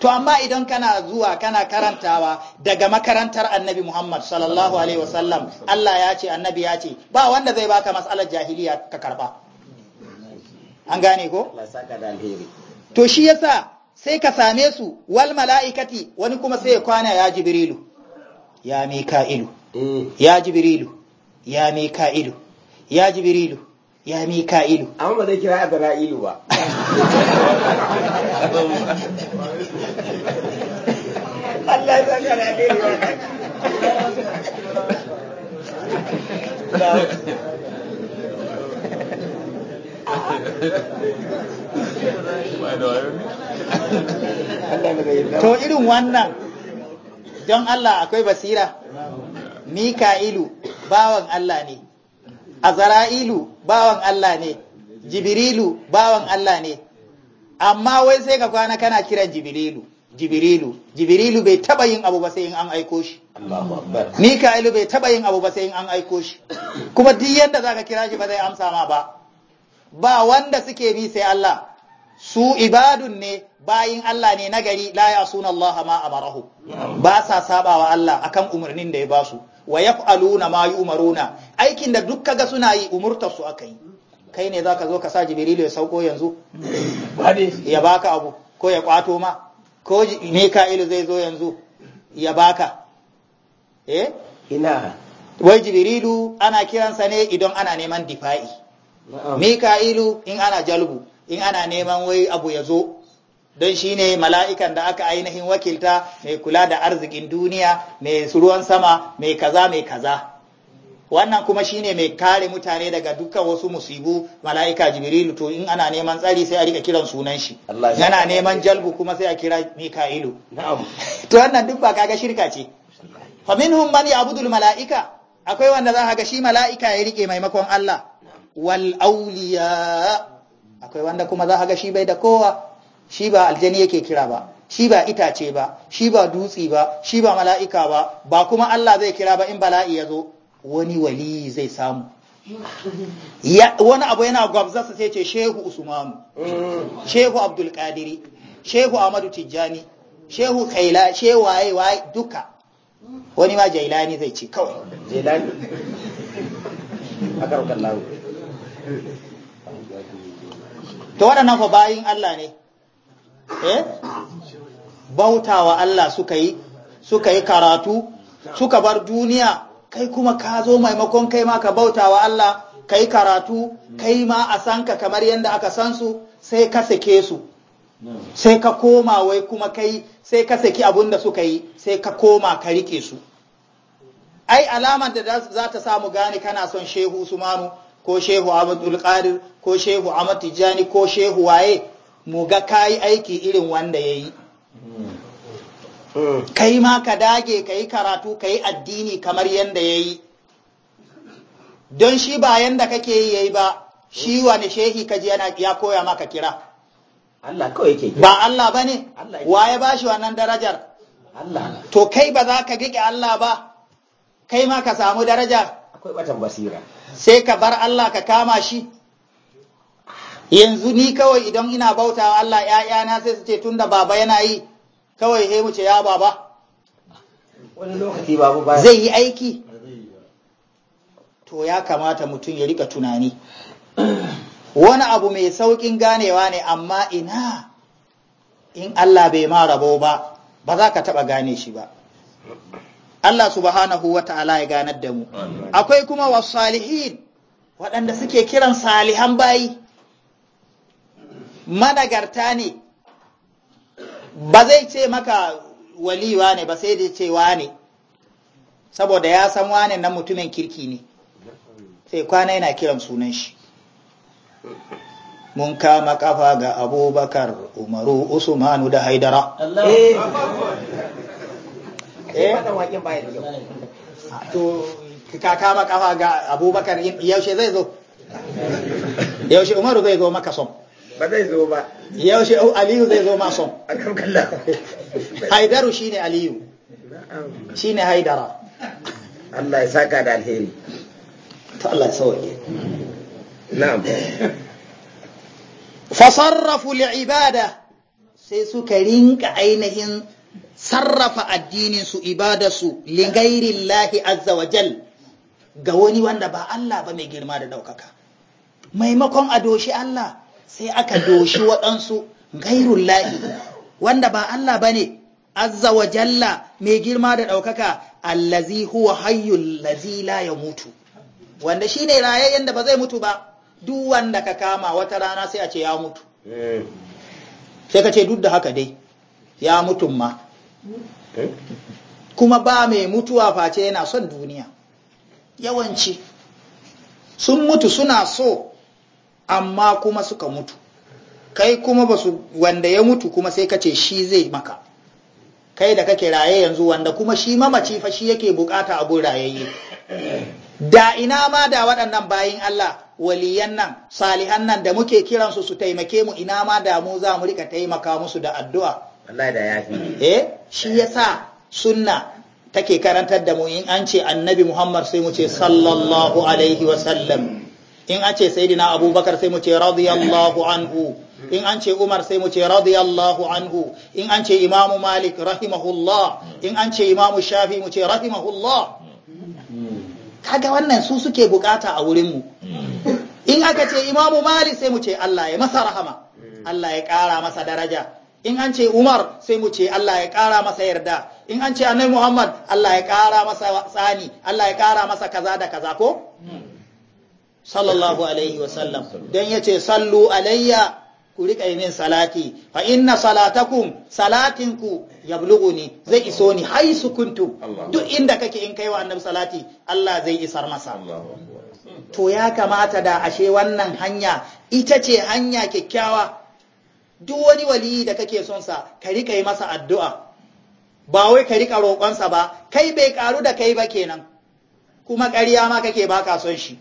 A: to amma idan kana zuwa kana karantawa daga makarantar annabi Muhammad sallallahu alaihi wasallam Allah ya ce annabi ya ce ba wanda zai baka mas'alar jahiliya ka karba an gane ko to shi yasa sai ka same su wal mala'ikati wani kuma sai ya kwana ya jibrilu ya mika'ilu eh. ya jibrilu ya mika'ilu ya jibirilu ya mika'ilu amma ba zai kira azra'ilu ba
B: Allah ya san kana
A: dai to irin wannan don Allah akwai basira mika'ilu bawan Allah ne azra'ilu bawan Allah ne jibrilu bawan Allah ne amma wai sai ka kwana kana kiran jibrilu jibrilu jibrilu bai taba yin abu ba sai in an aiko shi ni ilu bai taba yin abu ba sai in an aiko shi kuma duk yadda zaka kira shi ba zai amsa ma ba ba wanda suke bi sai Allah su ibadun ne bayin Allah ne nagari la yasuna Allah ma amarahu ba sa sabawa Allah akan umarnin da ya basu wa yaf'aluna ma yu'maruna aikin da duk kaga suna yi umurtar su akai kai ne zaka zo ka sa jibrilu ya sauko yanzu ya baka abu ko ya kwato ma ko mika'ilu zai zo yanzu ya baka eh ina wai jibrilu ana kiransa ne idan ana neman difa'i mika'ilu in ana jalbu in ana neman wai abu ya zo don shi ne mala'ikan da aka ainihin wakilta mai kula da arzikin duniya mai ruwan sama mai kaza mai kaza wannan kuma shi ne mai kare mutane daga dukkan wasu musibu mala'ika jibrilu to in ana neman tsari sai a rika kiran sunan shi yana neman jalbu kuma sai a kira mika'ilu to wannan duk ba kaga shirka ce fa hun man ya'budul mala'ika akwai wanda za a ga shi mala'ika ya rike maimakon Allah wal akwai wanda kuma za a ga shi bai da kowa shi ba aljani yake kira ba shi ba itace ba shi ba dutse ba shi ba mala'ika ba ba kuma Allah zai kira ba in bala'i ya zo wani wali zai samu wani abu yana gwabzarsa sai ce shehu usmanu shehu abdul qadiri shehu amadu tijjani shehu khaila shehu waye waye duka wani ma jailani zai ce kawai jailani kallahu to waɗannan fa bayin Allah ne Eh? bautawa Allah suka yi suka yi karatu suka bar duniya kai kuma ka zo maimakon kai ma ka bauta wa Allah ka yi karatu kai ma a san ka kamar yadda aka san su sai ka sake su sai ka koma wai kuma kai sai ka saki abin da suka yi sai ka koma ka rike su ai alamar da za ta samu gane kana son shehu usmanu ko shehu abdul qadir ko shehu ahmad tijani ko shehu waye mu ga kayi aiki irin wanda ya yi hmm. kai ma ka dage ka yi karatu ka yi addini kamar yadda ya yi don shi ba yanda kake yi ya yi ba shi wani shehi kaji yana ya koya maka kira Allah kawai ke ba Allah ba ne Wa ya ba shi wannan darajar Allah to kai ba za ka riƙe Allah ba kai ma ka samu daraja akwai batan basira sai ka bar Allah ka kama shi yanzu ni kawai idan ina bautawa Allah ‘ya'yana sai su ce tun da baba yana yi kawai he wuce ya baba zai yi aiki to ya kamata mutum ya rika tunani wani abu mai sauƙin ganewa ne amma ina in Allah bai ma rabo ba ba za ka taɓa gane shi ba Allah subhanahu wa ta'ala ya ganar da mu akwai kuma wasu salihin waɗanda suke kiran salihan bayi managarta ne ba zai ce maka waliwa ne ba sai da ce wane saboda ya san wane nan mutumin kirki ne sai kwana yana kiran sunan shi mun kama kafa ga abubakar umaru usmanu da haidara eh. Eh. to ka kama kafa ga abubakar yaushe zai zo yaushe umaru zai zo maka son ba zai zo ba yau shi aliyu zai zo mason haidaru shine aliyu shine haidara Allah ya saka da alheri ta Allah ya sauke na'am fasarrafu li'ibada sai suka rinka ainihin sarrafa addinin su ibadarsu li ghairillahi azza wa jal ga wani wanda ba Allah ba mai girma da ɗaukaka. maimakon a doshi Allah sai aka doshi waɗansu gairullahi wanda ba Allah ba ne azza wa jalla mai girma da ɗaukaka allazi huwa hayyul lazi la ya mutu wanda shi ne rayayyen da ba zai mutu ba duk wanda ka kama wata rana sai a ce ya mutu sai ka ce duk da haka dai ya mutum ma kuma ba mai mutuwa face yana son duniya yawanci sun mutu suna so amma kuma suka mutu kai kuma basu wanda ya mutu kuma sai ka ce shi zai maka kai da kake raye yanzu wanda kuma shi mamaci fa shi yake bukata abun rayayye da ina ma da waɗannan bayin Allah waliyan nan salihan nan da muke kiransu su taimake mu ina ma da mu za mu rika taimaka musu da addu'a wallahi da yafi eh shi yasa sunna take karantar da mu in an ce annabi Muhammad sai mu ce sallallahu alaihi wa sallam in an ce sayyidina abubakar sai mu ce radiyallahu anhu in an ce umar sai mu ce radiyallahu anhu in an ce imamu malik rahimahullah in an ce imamu shafi mu ce rahimahullah kaga wannan su suke bukata a wurinmu in aka ce imamu malik sai mu ce allah ya masa rahama allah ya kara masa daraja in an ce Umar sai mu ce Allah ya kara masa yarda in an ce Annabi Muhammad Allah ya kara masa tsani Allah ya kara masa kaza da kaza ko sallallahu alaihi wasallam don ya ce sallu alayya ku riƙa yi min salati fa inna salatakum salatinku yablughuni zai iso ni haisu kuntu duk inda kake in kai wa annabi salati Allah zai isar masa to ya kamata da ashe wannan hanya ita ce hanya kyakkyawa duk wani waliyi da kake son sa ka riƙa yi masa addu'a ba wai ka riƙa roƙonsa ba kai bai ƙaru da kai ba kenan kuma ƙarya ma kake baka son shi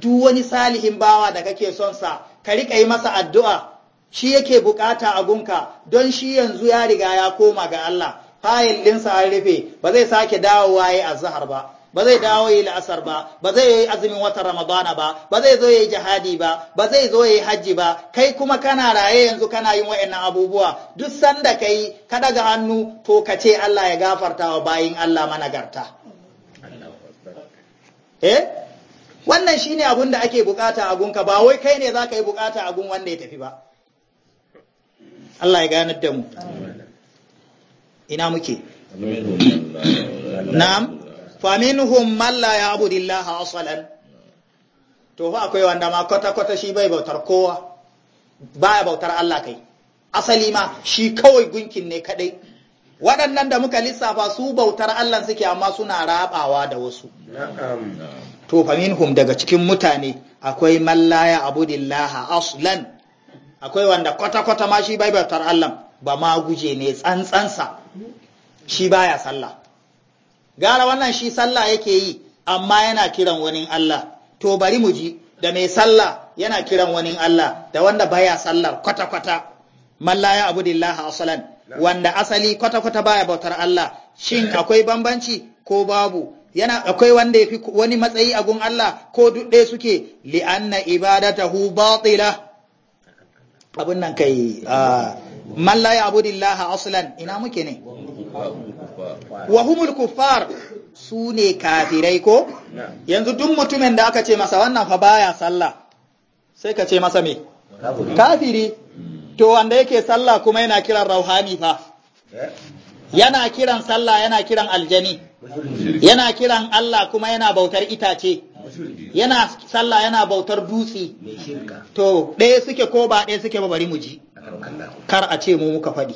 A: duk wani salihin bawa da kake son sa ka riƙa yi masa addu'a shi yake bukata a gunka don shi yanzu ya riga ya koma ga Allah fayil ɗinsa an rufe ba zai sake dawowa yi azhar ba ba zai dawo yi la'asar ba ba zai yi azumin watan ramadana ba ba zai zo yi jihadi ba ba zai zo yi hajji ba kai kuma kana raye yanzu kana yin wa'annan abubuwa duk sanda kai ka daga hannu to ka ce Allah ya gafarta wa bayin Allah managarta eh wannan shine abun da ake bukata a gunka ba wai kai ne za ka yi bukata a gun wanda ya tafi ba Allah ya ganar da mu ina muke na'am ya man la ya'budillaha asalan to fa akwai wanda ma kwata kwata shi bai bautar kowa baya bautar Allah kai asali ma shi kawai gunkin ne kadai waɗannan da muka lissafa su bautar Allah suke amma suna rabawa da wasu to fa minhum daga cikin mutane akwai Mallaya Abudillah aslan akwai wanda kwata kwata ma shi bai bautar Allah ba ma guje ne tsantsansa shi baya sallah gara wannan shi sallah yake yi amma yana kiran wani Allah to bari mu ji da mai sallah yana kiran wani Allah da wanda baya sallar kwata kwata Mallaya Abudillah aslan wanda asali kwata kwata baya bautar Allah shin akwai bambanci ko babu yana akwai wanda ya fi wani matsayi a gun Allah ko duk ɗaya suke li'anna ibadatahu batila abin nan kai man la ya'budillaha aslan ina muke ne wa humul kuffar su ne kafirai ko yanzu duk mutumin da aka ce masa wannan fa baya sallah sai ka ce masa me kafiri to wanda yake sallah kuma yana kiran rauhani fa eh? yana kiran sallah yana kiran aljani yana kiran Allah kuma yana bautar itace yana sallah yana bautar dutse to ɗaya suke ko ba ɗaya suke ba bari mu ji kar a ce mu muka faɗi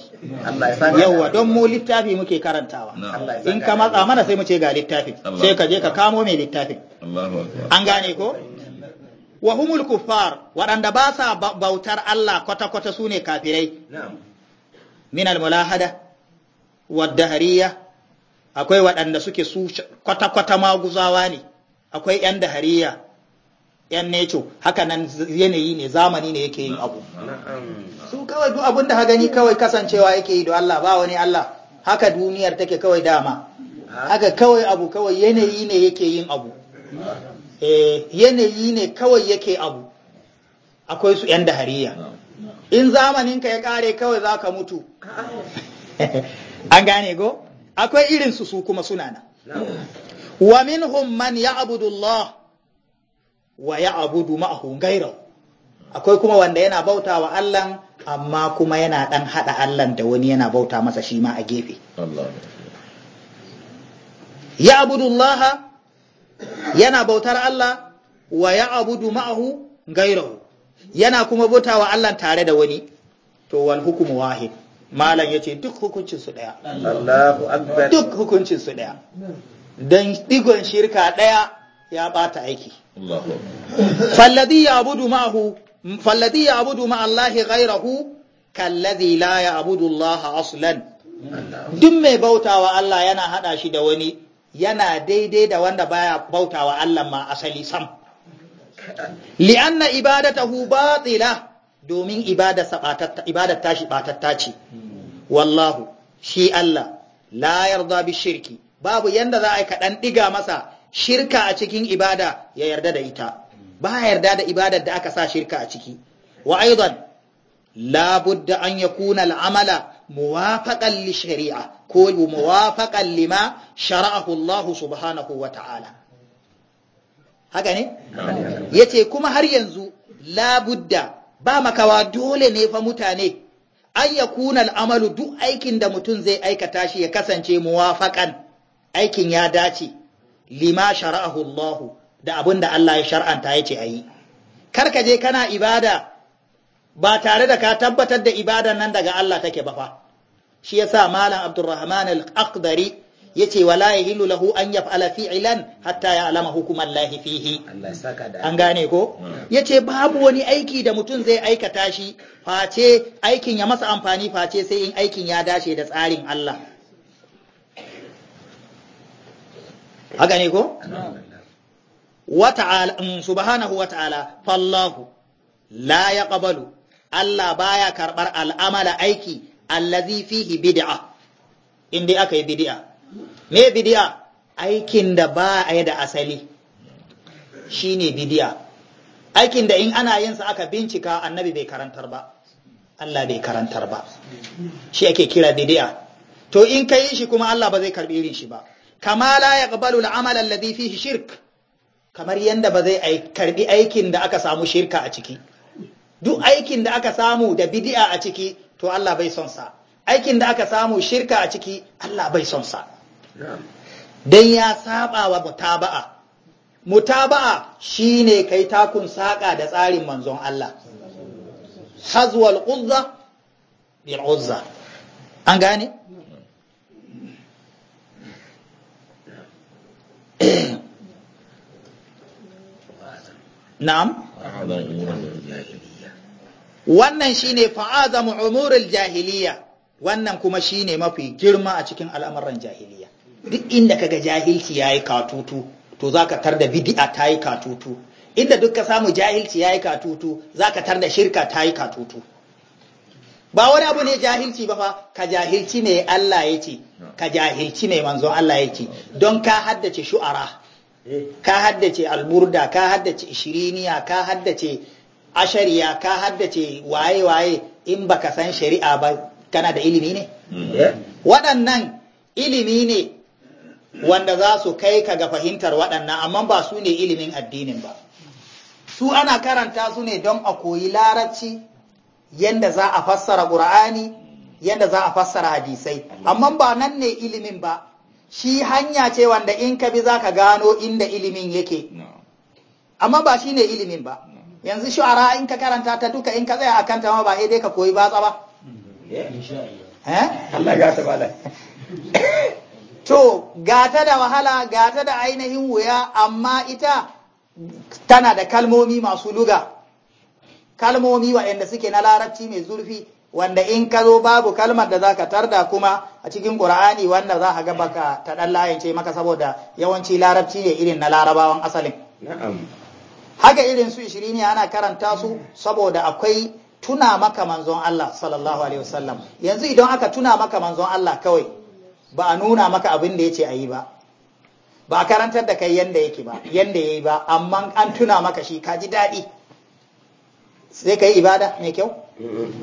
A: yauwa don mu littafi muke karantawa in ka matsa mana sai mu ce ga littafin sai ka je ka kamo mai littafin an gane ko wa humul kuffar waɗanda ba sa bautar Allah kwata-kwata su ne kafirai min al-mulahada waddahariya akwai waɗanda suke su kwata-kwata maguzawa ne akwai 'yan dahariya 'yan neco hakanan yanayi ne zamani ne yake yin abu su kawai duk abin da gani kawai kasancewa yake yi da Allah ba wani Allah haka duniyar take kawai dama haka kawai abu kawai yanayi ne yake yin abu eh, yanayi ne kawai yake abu akwai su 'yan dahariya in zamaninka ya kare kawai za ka mutu an gane go akwai irin su su kuma suna nan wa minhum man ya'budu Allah wa ya'budu ma'ahu ghayrahu akwai kuma wanda yana bautawa wa Allah amma kuma yana dan hada Allah da wani yana bauta masa shi ma a gefe ya'budu Allah yana bautar Allah wa ya'budu ma'ahu ghayrahu yana kuma bautawa wa Allah tare da wani to wal hukmu wahid malam ya ce duk hukuncin su ɗaya duk hukuncin su ɗaya don shirka ɗaya ya ɓata aiki falladi ya abudu ma'ahu falladi ya abudu ma'allahi ghairahu kalladi la ya abudu Allah aslan duk mai bautawa Allah yana hada shi da wani yana daidai da wanda baya bautawa Allah ma asali sam li'anna ibadatahu batila domin ibadar tashi batatta ce wallahu shi Allah la yarda bi shirki babu yanda za a yi kaɗan ɗiga masa shirka a cikin ibada ya yarda da ita ba yarda da ibadar da aka sa shirka a ciki wa aidan la budda an yakuna al'amala muwafaqan li shari'a ko muwafaqan lima shara'ahu Allah subhanahu wa ta'ala haka ne yace kuma har yanzu la budda ba makawa dole ne fa mutane an ya kuna amalu duk aikin da mutum zai aikata shi ya kasance muwafaƙan aikin ya dace lima shara'ahu Allah da abin da Allah ya shar'anta ya ce a yi. Karka je kana ibada ba tare da ka tabbatar da ibadan nan daga Allah take ba fa. Shi yasa Malam Abdulrahman al-Aqdari yace wala yahilu lahu an yaf'ala fi'lan hatta ya'lama hukumar lahi fihi an gane ko mm. yace babu wani aiki da mutum zai aikata shi face aikin ya masa amfani face sai in aikin ya dace da tsarin Allah haka ne ko wa ta'ala mm, subhanahu wa ta'ala fallahu la yaqbalu Allah baya karbar al'amala aiki allazi fihi bid'a inda aka yi bid'a me bidiya aikin da ba a da asali ne bidiya aikin da in ana yin aka bincika annabi bai karantar ba Allah bai karantar ba shi ake kira bidiya to in ka yi shi kuma Allah ba zai karɓi irin shi ba kama la yaqbalu al-amal alladhi fihi shirk kamar yanda ba zai karɓi aikin da aka samu shirka a ciki duk aikin da aka samu da bidi'a a ciki to Allah bai son sa aikin da aka samu shirka a ciki Allah bai son sa dan ya saba wa mutaba'a mutaba'a shi ne kai takun saƙa da tsarin manzon Allah hazwal uzza bil uzza an gane na'am wannan shi shine fa'azamu umurul jahiliya wannan kuma shi ne mafi girma a cikin al'amuran jahiliya duk inda kaga jahilci yayi katutu to ka tar da ta tayi katutu inda duk ka samu jahilci yayi katutu zaka tar da shirka tayi katutu ba wani abu ne jahilci ba fa ka jahilci ne Allah ya ce ka jahilci ne manzon Allah ya ce don ka haddace shu'ara ka haddace alburda ka haddace ishiriniya ka haddace ashariya ka haddace waye waye in baka san shari'a ba kana da ilimi ne eh. waɗannan ilimi ne wanda za su kai ka ga fahimtar waɗannan amma ba su ne ilimin addinin ba su ana karanta su ne don a koyi larabci yadda za a fassara ƙur'ani yadda za a fassara hadisai amma ba nan ne ilimin ba shi hanya ce wanda in ka bi za ka gano inda ilimin yake amma ba shi ne ilimin ba yanzu shu'ara in ka karanta ta duka in ka tsaya a kanta ma ba dai ka koyi batsa ba eh? Allah ya to gata da wahala gata da ainihin wuya amma ita tana da kalmomi masu luga kalmomi waɗanda suke na larabci mai zurfi wanda in ka zo babu kalmar da zaka tarda kuma a cikin ƙur'ani wanda za a ga baka ta ɗan layance maka saboda yawanci larabci ne irin na larabawan asalin haka irin su ne ana karanta su saboda akwai tuna maka manzon Allah sallallahu alaihi wasallam yanzu idan aka tuna maka manzon Allah kawai ba a nuna maka abin da ya ce a yi ba ba a karantar da kai yadda yake ba yadda ya yi ba amma an tuna maka shi ka ji daɗi sai ka yi ibada mai kyau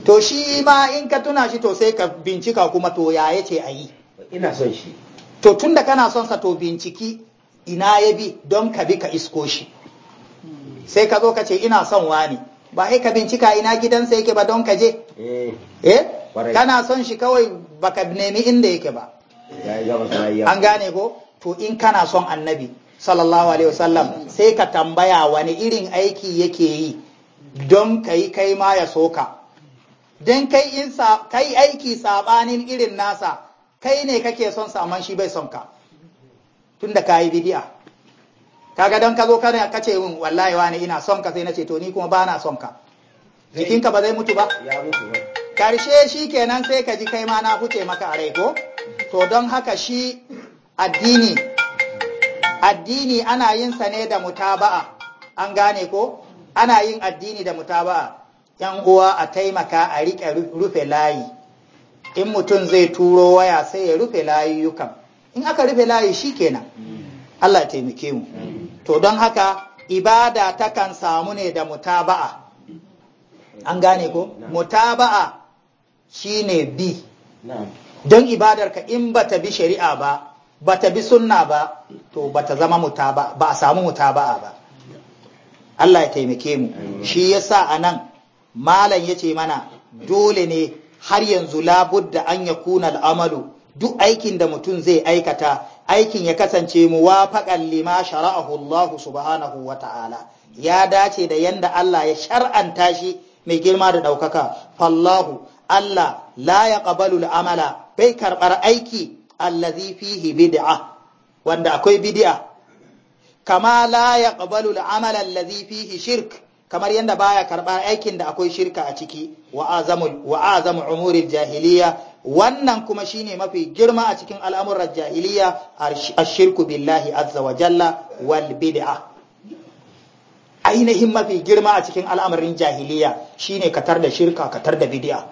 A: to shi ma in ka tuna shi to sai ka bincika kuma to ya ya ce a yi ina son shi to tun da kana son sa to binciki ina ya bi don ka bi ka isko shi sai ka zo ka ce ina son ne. ba sai ka bincika ina gidansa yake ba don ka je eh, eh? kana son shi kawai baka nemi inda yake ba an gane ko to in kana son annabi sallallahu alaihi wasallam sai ka tambaya wani irin aiki yake yi don kai kai ma ya soka don kai in kai aiki sabanin irin nasa kai ne kake son saman shi bai son ka tunda kayi bidi'a kaga don ka zo kana kace min wallahi wani ina son ka sai nace to ni kuma ba na son ka jikinka ba zai mutu ba ya mutu ba karshe shikenan sai ka ji kai ma na huce maka a rai ko to don haka shi addini addini ana yin sa ne da mutaba'a an gane ko ana yin addini da mutaba'a yan uwa a taimaka a riƙe rufe layi in mutum zai turo waya sai ya rufe layukan in aka rufe layi shi kenan Allah taimake mu to don haka ibada takan samu ne da mutaba'a an gane ko mutaba'a shine bi don ibadarka in ba ta bi shari'a ba ba ta bi sunna ba to ba ta zama muta ba a samu mutaba'a ba Allah ya taimake mu shi ya sa yasa nan, malam ya ce mana dole ne har yanzu labudda an ya kuna al'amalu duk aikin da mutum zai aikata aikin ya kasance faƙan lima shara'ahu Allah subhanahu wa ta'ala ya dace da yanda Allah ya shar'anta shi mai girma da ɗaukaka fallahu Allah la ya ƙabalu amala bai karɓar aiki allazi fihi bid'a wanda akwai bid'a kama la yaqbalu al allazi fihi shirk kamar yanda baya karɓar aikin da akwai shirka a ciki wa azamu wa azamu jahiliya wannan kuma shine mafi girma a cikin al'amuran jahiliya ash-shirku billahi azza wa jalla wal bid'a ainihin mafi girma a cikin al'amarin jahiliya shine katar da shirka katar da bid'a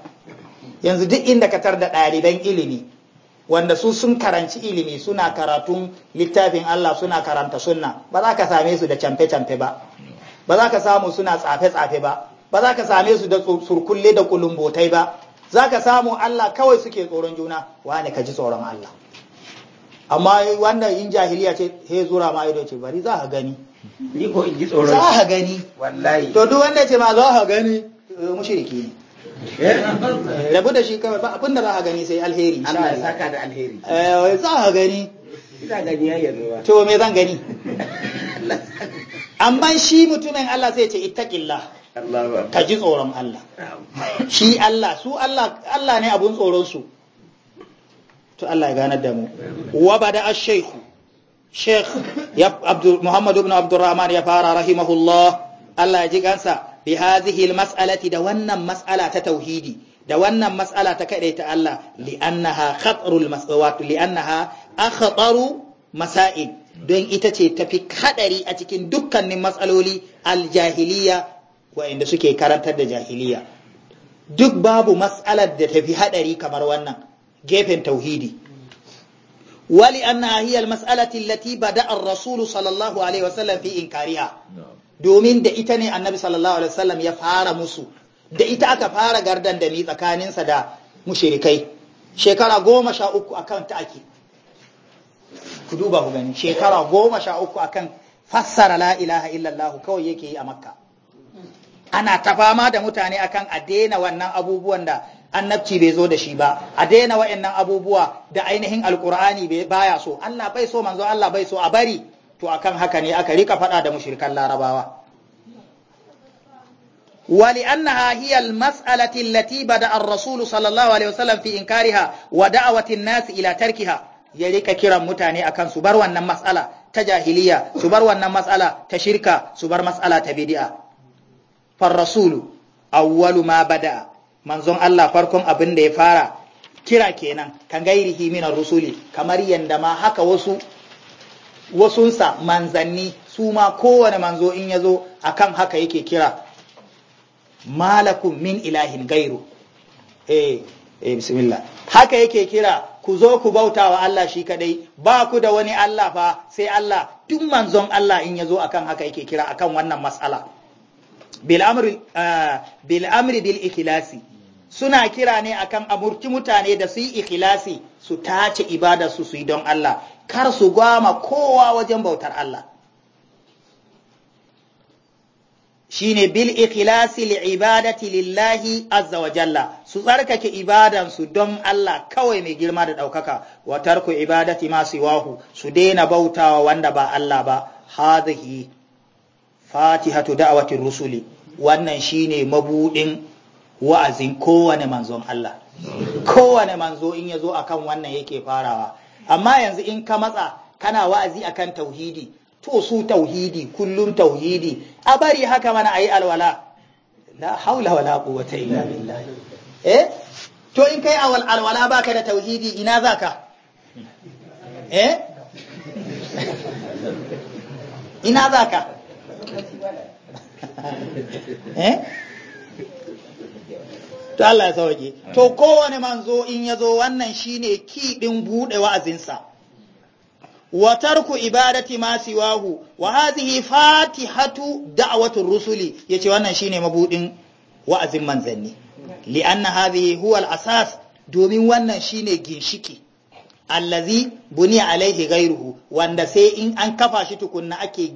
A: yanzu duk inda ka tar da ɗaliban ilimi wanda su sun karanci ilimi suna karatun littafin Allah suna karanta sunna ba za ka same su da camfe-camfe ba ba za ka samu suna tsafe-tsafe ba ba za ka same su da surkulle da kulumbotai ba za ka samu Allah kawai suke tsoron juna wane ka ji tsoron Allah amma wanda in jahiliya ce he zura ma ido ce bari za ka gani ni ko in ji tsoron za ka gani wallahi to duk wanda ce ma za ka gani mushriki ne Eh? rabu da shi kawai ba abin da ba a gani sai alheri Allah ya saka da alheri eh za a gani ina gani ya yanzu ba to me zan gani amma shi mutumin Allah sai ce ittaqillah ka ji tsoron Allah shi Allah su Allah Allah ne abun tsoron su to Allah ya ganar da mu wa bada ash-shaykh shaykh ya Abdul Muhammad ibn Abdurrahman ya fara rahimahullah Allah ya ji gansa bi hadhihi mas'alati da wannan mas'ala ta tauhidi da wannan mas'ala ta ta Allah li'annaha khatarul masawat akhtaru masail don ita ce tafi kadari a cikin dukkanin matsaloli aljahiliya wa'inda suke karantar da jahiliya duk babu mas'alar da tafi hadari kamar wannan gefen tauhidi wali annaha hiya almas'alati allati bada'a ar-rasul sallallahu alaihi wasallam fi inkariha domin da ita ne annabi sallallahu alaihi wasallam ya fara musu da ita aka fara gardan da ni tsakaninsa da mushrikai shekara goma sha uku akan kan ta'aki ku duba ku gani shekara goma sha uku akan fassara la ilaha illallah kawai yake yi a makka ana ta fama da mutane akan a daina wannan abubuwan da annabci bai zo da shi ba a daina wa'annan abubuwa da ainihin alkur'ani baya so Allah bai so manzo Allah bai so a bari to akan haka ne aka rika faɗa da mushrikan larabawa ولأنها هي المسألة التي بدأ الرسول صلى الله عليه وسلم في إنكارها ودعوة الناس إلى تركها يليك كرم متاني أكن سبر وأن مسألة تجاهلية سبر وأن مسألة تشركة سبر مسألة تبدئة فالرسول أول ما بدأ منظم الله فركم أبن دي فارا kira kenan kan gairihi minar rusuli kamar yanda ma haka wasu wasunsa manzanni su ma kowane manzo in ya zo a kan haka yake kira malakun min ilahin gairu eh eh bismillah haka yake kira ku zo ku bauta wa Allah shi kadai ba ku da wani Allah fa sai Allah duk manzon Allah in ya zo akan haka yake kira kan wannan matsala. Ah, bil amri bil ikilasi suna kira ne akan amurci mutane da su yi ikhlasi su tace ibada su su yi don Allah kar su gwama kowa wajen bautar Allah shine bil ikhlasi li ibadati lillahi azza wa jalla su tsarkake ibadansu don Allah kawai mai girma da ɗaukaka wa tarku ibadati masu wahu su daina bautawa wanda ba Allah ba hadhihi fatihatu da'wati rusuli wannan shine mabudin wa'azin kowane manzon Allah kowane manzo in ya yazo akan wannan yake farawa amma yanzu in ka matsa kana wa'azi akan tauhidi to su tauhidi kullum tauhidi a bari haka mana ayi alwala la haula wala quwwata illa billah eh to in kai awal alwala baka da tauhidi ina zaka eh ina zaka eh ta Allah ya sauke to kowane manzo in ya zo wannan shine ɗin buɗe wa'azinsa wa tarku ibadati masu wahu, wa hadhihi fatihatu watan rusuli Ya ce wannan shine mabuɗin wa'azin manzanni li na hadhihi huwa huwal asas domin wannan shine ginshiki allazi buni alaihi gairuhu wanda sai in an kafa shi tukunna ake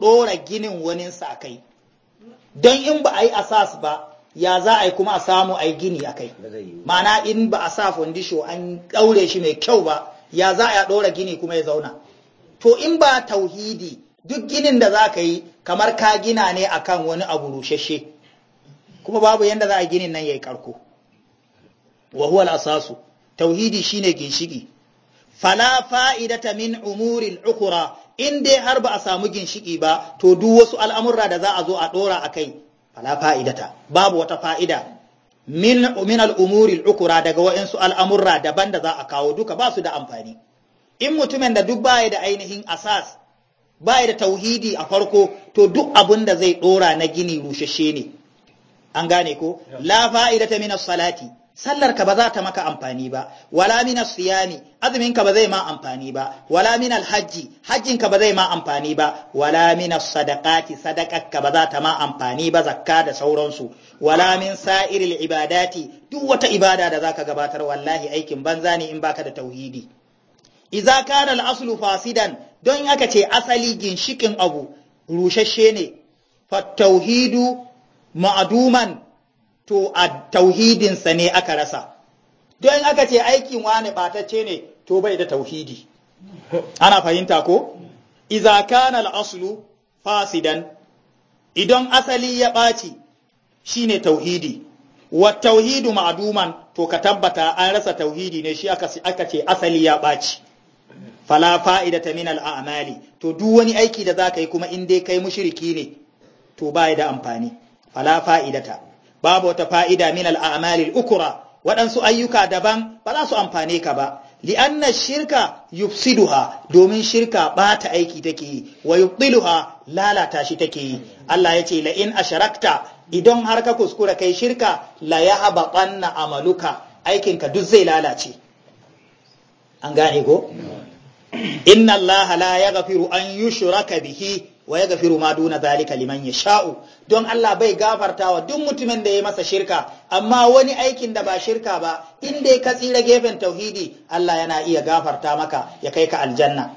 A: ɗora ginin waninsa sa kai don in ba a yi asas ba ya za a yi kuma a samu a yi gini a kai ma'ana in ba a sa fondisho an ɗaure shi mai kyau ba ya za a ɗora gini kuma ya zauna to in ba tauhidi duk ginin da za ka yi kamar ka gina ne a kan wani abu rushashe kuma babu yadda za a ginin nan ya yi karko wahuwal asasu tauhidi shine ginshiki fala fa'idata min umuril ukura in dai har ba a samu ginshiki ba to duk wasu al'amurra da za a zo a ɗora a kai fala fa'idata babu wata fa'ida min min ukura al'ukura daga wa'insu al'amurra daban da za a kawo duka ba su da amfani in mutumin da duk baya da ainihin asas baya da tauhidi a farko to duk abin da zai ɗora na gini rushashe ne an gane ko la fa'idata min as-salati Sallarka ba za ta maka amfani ba wala min siyami azumin ba zai ma amfani ba wala min alhaji hajjin ba zai ma amfani ba wala min sadaqati sadaqat ba za ta ma amfani ba zakka da sauransu wala min sa'iril ibadati duk wata ibada da zaka gabatar wallahi aikin banza ne in baka da tauhidi Iza kana al-aslu fasidan don aka ce asali ginshikin abu rushashe ne fa tauhidu ma'duman to a tauhidinsa ne aka rasa don aka ce aikin wani batacce ne to bai da tauhidi ana fahimta ko iza kana aslu fasidan idan asali ya ɓaci ne tauhidi wa tauhidu ma'duman to ka tabbata an rasa tauhidi ne shi aka ce asali ya ɓaci fala fa'idata min al'amali to duk wani aiki da zaka yi kuma in dai kai mushiriki ne to bai da amfani fala fa'idata babu wata fa'ida min ukura waɗansu ayyuka daban ba za su amfane ka ba li'anna shirka yufsiduha domin shirka ɓata aiki take yi wa yubdiluha lalata shi take yi Allah ya ce la'in asharakta idan har ka kuskura kai shirka la yahba banna amaluka aikinka duk zai lalace an gane ko inna Allah la yaghfiru an yushraka bihi wa ya gafiru ma duna zalika liman ya sha'u don Allah bai gafarta wa duk mutumin da ya masa shirka amma wani aikin da ba shirka ba in dai ka tsira gefen tauhidi Allah yana iya gafarta maka ya kai ka aljanna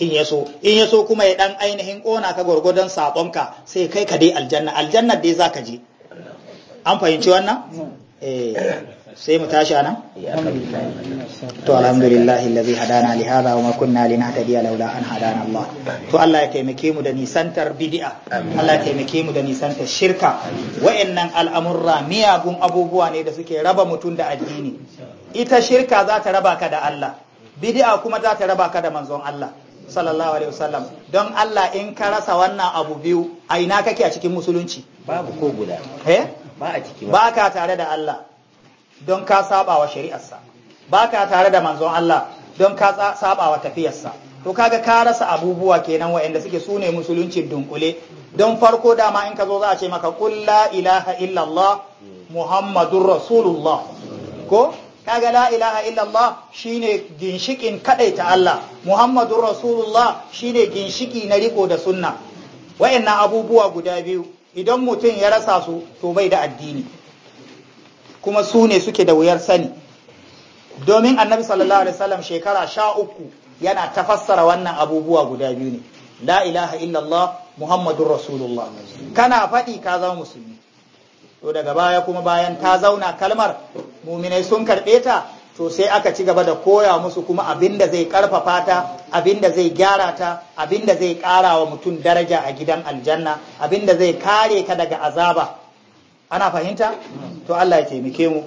A: in yaso in yaso kuma ya dan ainihin kona ka gurgudan sabonka sai kai ka dai aljanna aljanna dai zaka je an fahimci wannan hmm. eh sai mu tashi anan to alhamdulillah alladhi hadana li hadha wa ma kunna linahtadiya laula an hadana Allah to Allah ya taimake mu da nisantar bid'a Allah ya taimake mu da nisantar shirka wayannan al'amurra miyagun abubuwa ne da suke raba mutum da addini ita shirka za ta raba ka da Allah bid'a kuma za ta raba ka da manzon Allah sallallahu alaihi wasallam don Allah in ka rasa wannan abu biyu a ina kake a cikin musulunci babu ko guda eh ba a ciki ba ka tare da Allah don ka saba wa shari'arsa ba ka tare da manzon Allah don ka saba wa tafiyarsa to kaga ka rasa abubuwa kenan waɗanda suke sune musulunci dunkule don farko dama in ka zo za a ce maka qul la ilaha illallah muhammadur rasulullah ko kaga la ilaha illallah shine ginshikin kadaita Allah muhammadur rasulullah shine ginshiki na riko da sunna wayannan abubuwa guda biyu idan mutum ya rasa su to bai da addini kuma su ne suke da wuyar sani domin annabi sallallahu alaihi wasallam shekara sha uku yana tafassara wannan abubuwa guda biyu ne la ilaha illallah muhammadun rasulullah kana faɗi ka zama musulmi to daga baya kuma bayan ta zauna kalmar muminai sun karɓe ta to sai aka ci gaba da koya musu kuma abin da zai karfafa ta abin da zai gyara ta abin da zai ƙara wa mutum daraja a gidan aljanna abin da zai kare ka daga azaba ana fahimta to Allah ya taimake mu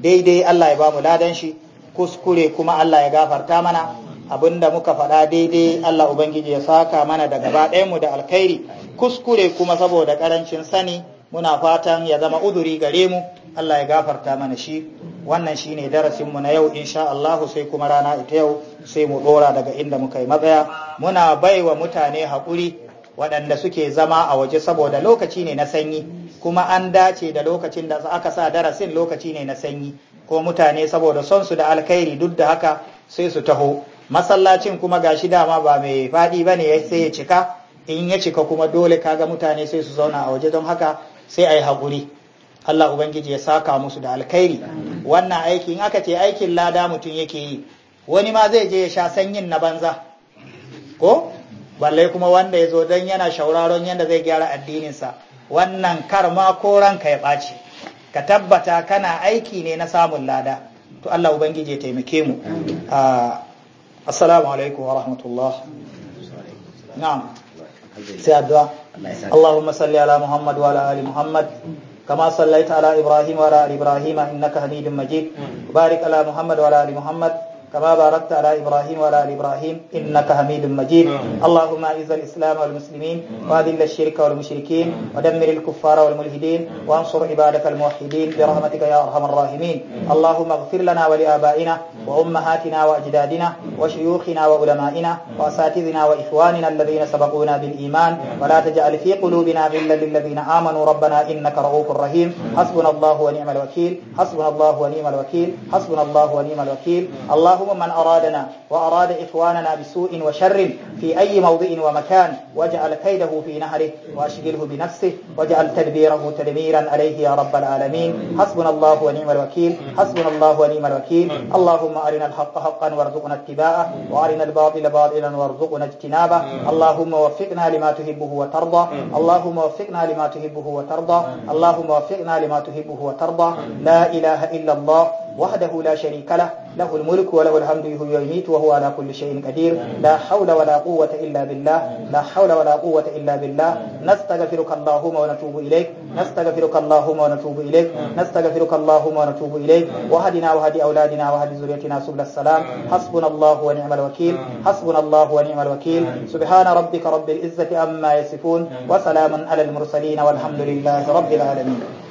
A: daidai Allah ya ba mu ladan shi kuskure kuma Allah ya gafarta mana abinda muka faɗa daidai Allah ubangiji ya saka mana da gaba mu da alkhairi kuskure kuma saboda karancin sani muna fatan ya zama uduri gare mu Allah ya gafarta mana shi wannan shine darasin mu na yau insha Allah sai kuma rana ita yau sai mu dora daga inda muka yi matsaya muna baiwa mutane haƙuri waɗanda suke zama a waje saboda lokaci ne na sanyi kuma an dace da lokacin da aka sa darasin lokaci ne na sanyi ko mutane saboda son su da alkhairi duk da haka sai su taho masallacin kuma gashi dama ba mai faɗi ba ne sai ya cika in ya cika kuma dole kaga mutane sai su zauna a waje don haka sai a yi haƙuri Allah Ubangiji ya saka musu da alkhairi wannan aiki in aka ce aikin lada mutum yake yi wani ma zai je ya sha sanyin na banza ko balle kuma wanda ya zo don yana shauraron yadda zai gyara addininsa wannan karma ko ranka ya ɓaci ka tabbata kana aiki ne na samun lada to Allah ubangiji ya taimake mu ah, assalamu alaikum wa rahmatullah na'am sai addu'a Allahumma salli ala Muhammad wa ala ali Muhammad Kama كما صليت على ala Ali Ibrahim إبراهيم إنك حميد مجيد بارك على محمد ala Ali Muhammad. كما باركت على إبراهيم وعلى آل إبراهيم إنك حميد مجيد اللهم أعز الإسلام والمسلمين وأذل الشرك والمشركين ودمر الكفار والملحدين وانصر عبادك الموحدين برحمتك يا أرحم الراحمين اللهم اغفر لنا ولآبائنا وأمهاتنا وأجدادنا وشيوخنا وعلمائنا وأساتذنا وإخواننا الذين سبقونا بالإيمان ولا تجعل في قلوبنا غلا للذين آمنوا ربنا إنك رؤوف رحيم حسبنا الله ونعم الوكيل حسبنا الله ونعم الوكيل حسبنا الله ونعم الوكيل الله اللهم من أرادنا وأراد إخواننا بسوء وشر في أي موضع ومكان واجعل كيده في نهره وأشغله بنفسه واجعل تدبيره تدميرا عليه يا رب العالمين حسبنا الله ونعم الوكيل حسبنا الله ونعم الوكيل اللهم أرنا الحق حقا وارزقنا اتباعه وأرنا الباطل باطلا وارزقنا اجتنابه اللهم وفقنا لما تحبه وترضى اللهم وفقنا لما تحبه وترضى اللهم وفقنا لما تحبه وترضى لا إله إلا الله وحده لا شريك له له الملك وله الحمد وهو يميت وهو على كل شيء قدير لا حول ولا قوة إلا بالله لا حول ولا قوة إلا بالله نستغفرك اللهم ونتوب إليك نستغفرك اللهم ونتوب إليك نستغفرك اللهم ونتوب إليك وهدنا وهدي أولادنا وهدي ذريتنا سبل السلام حسبنا الله ونعم الوكيل حسبنا الله ونعم الوكيل سبحان ربك رب العزة أما يصفون وسلام على المرسلين والحمد لله رب العالمين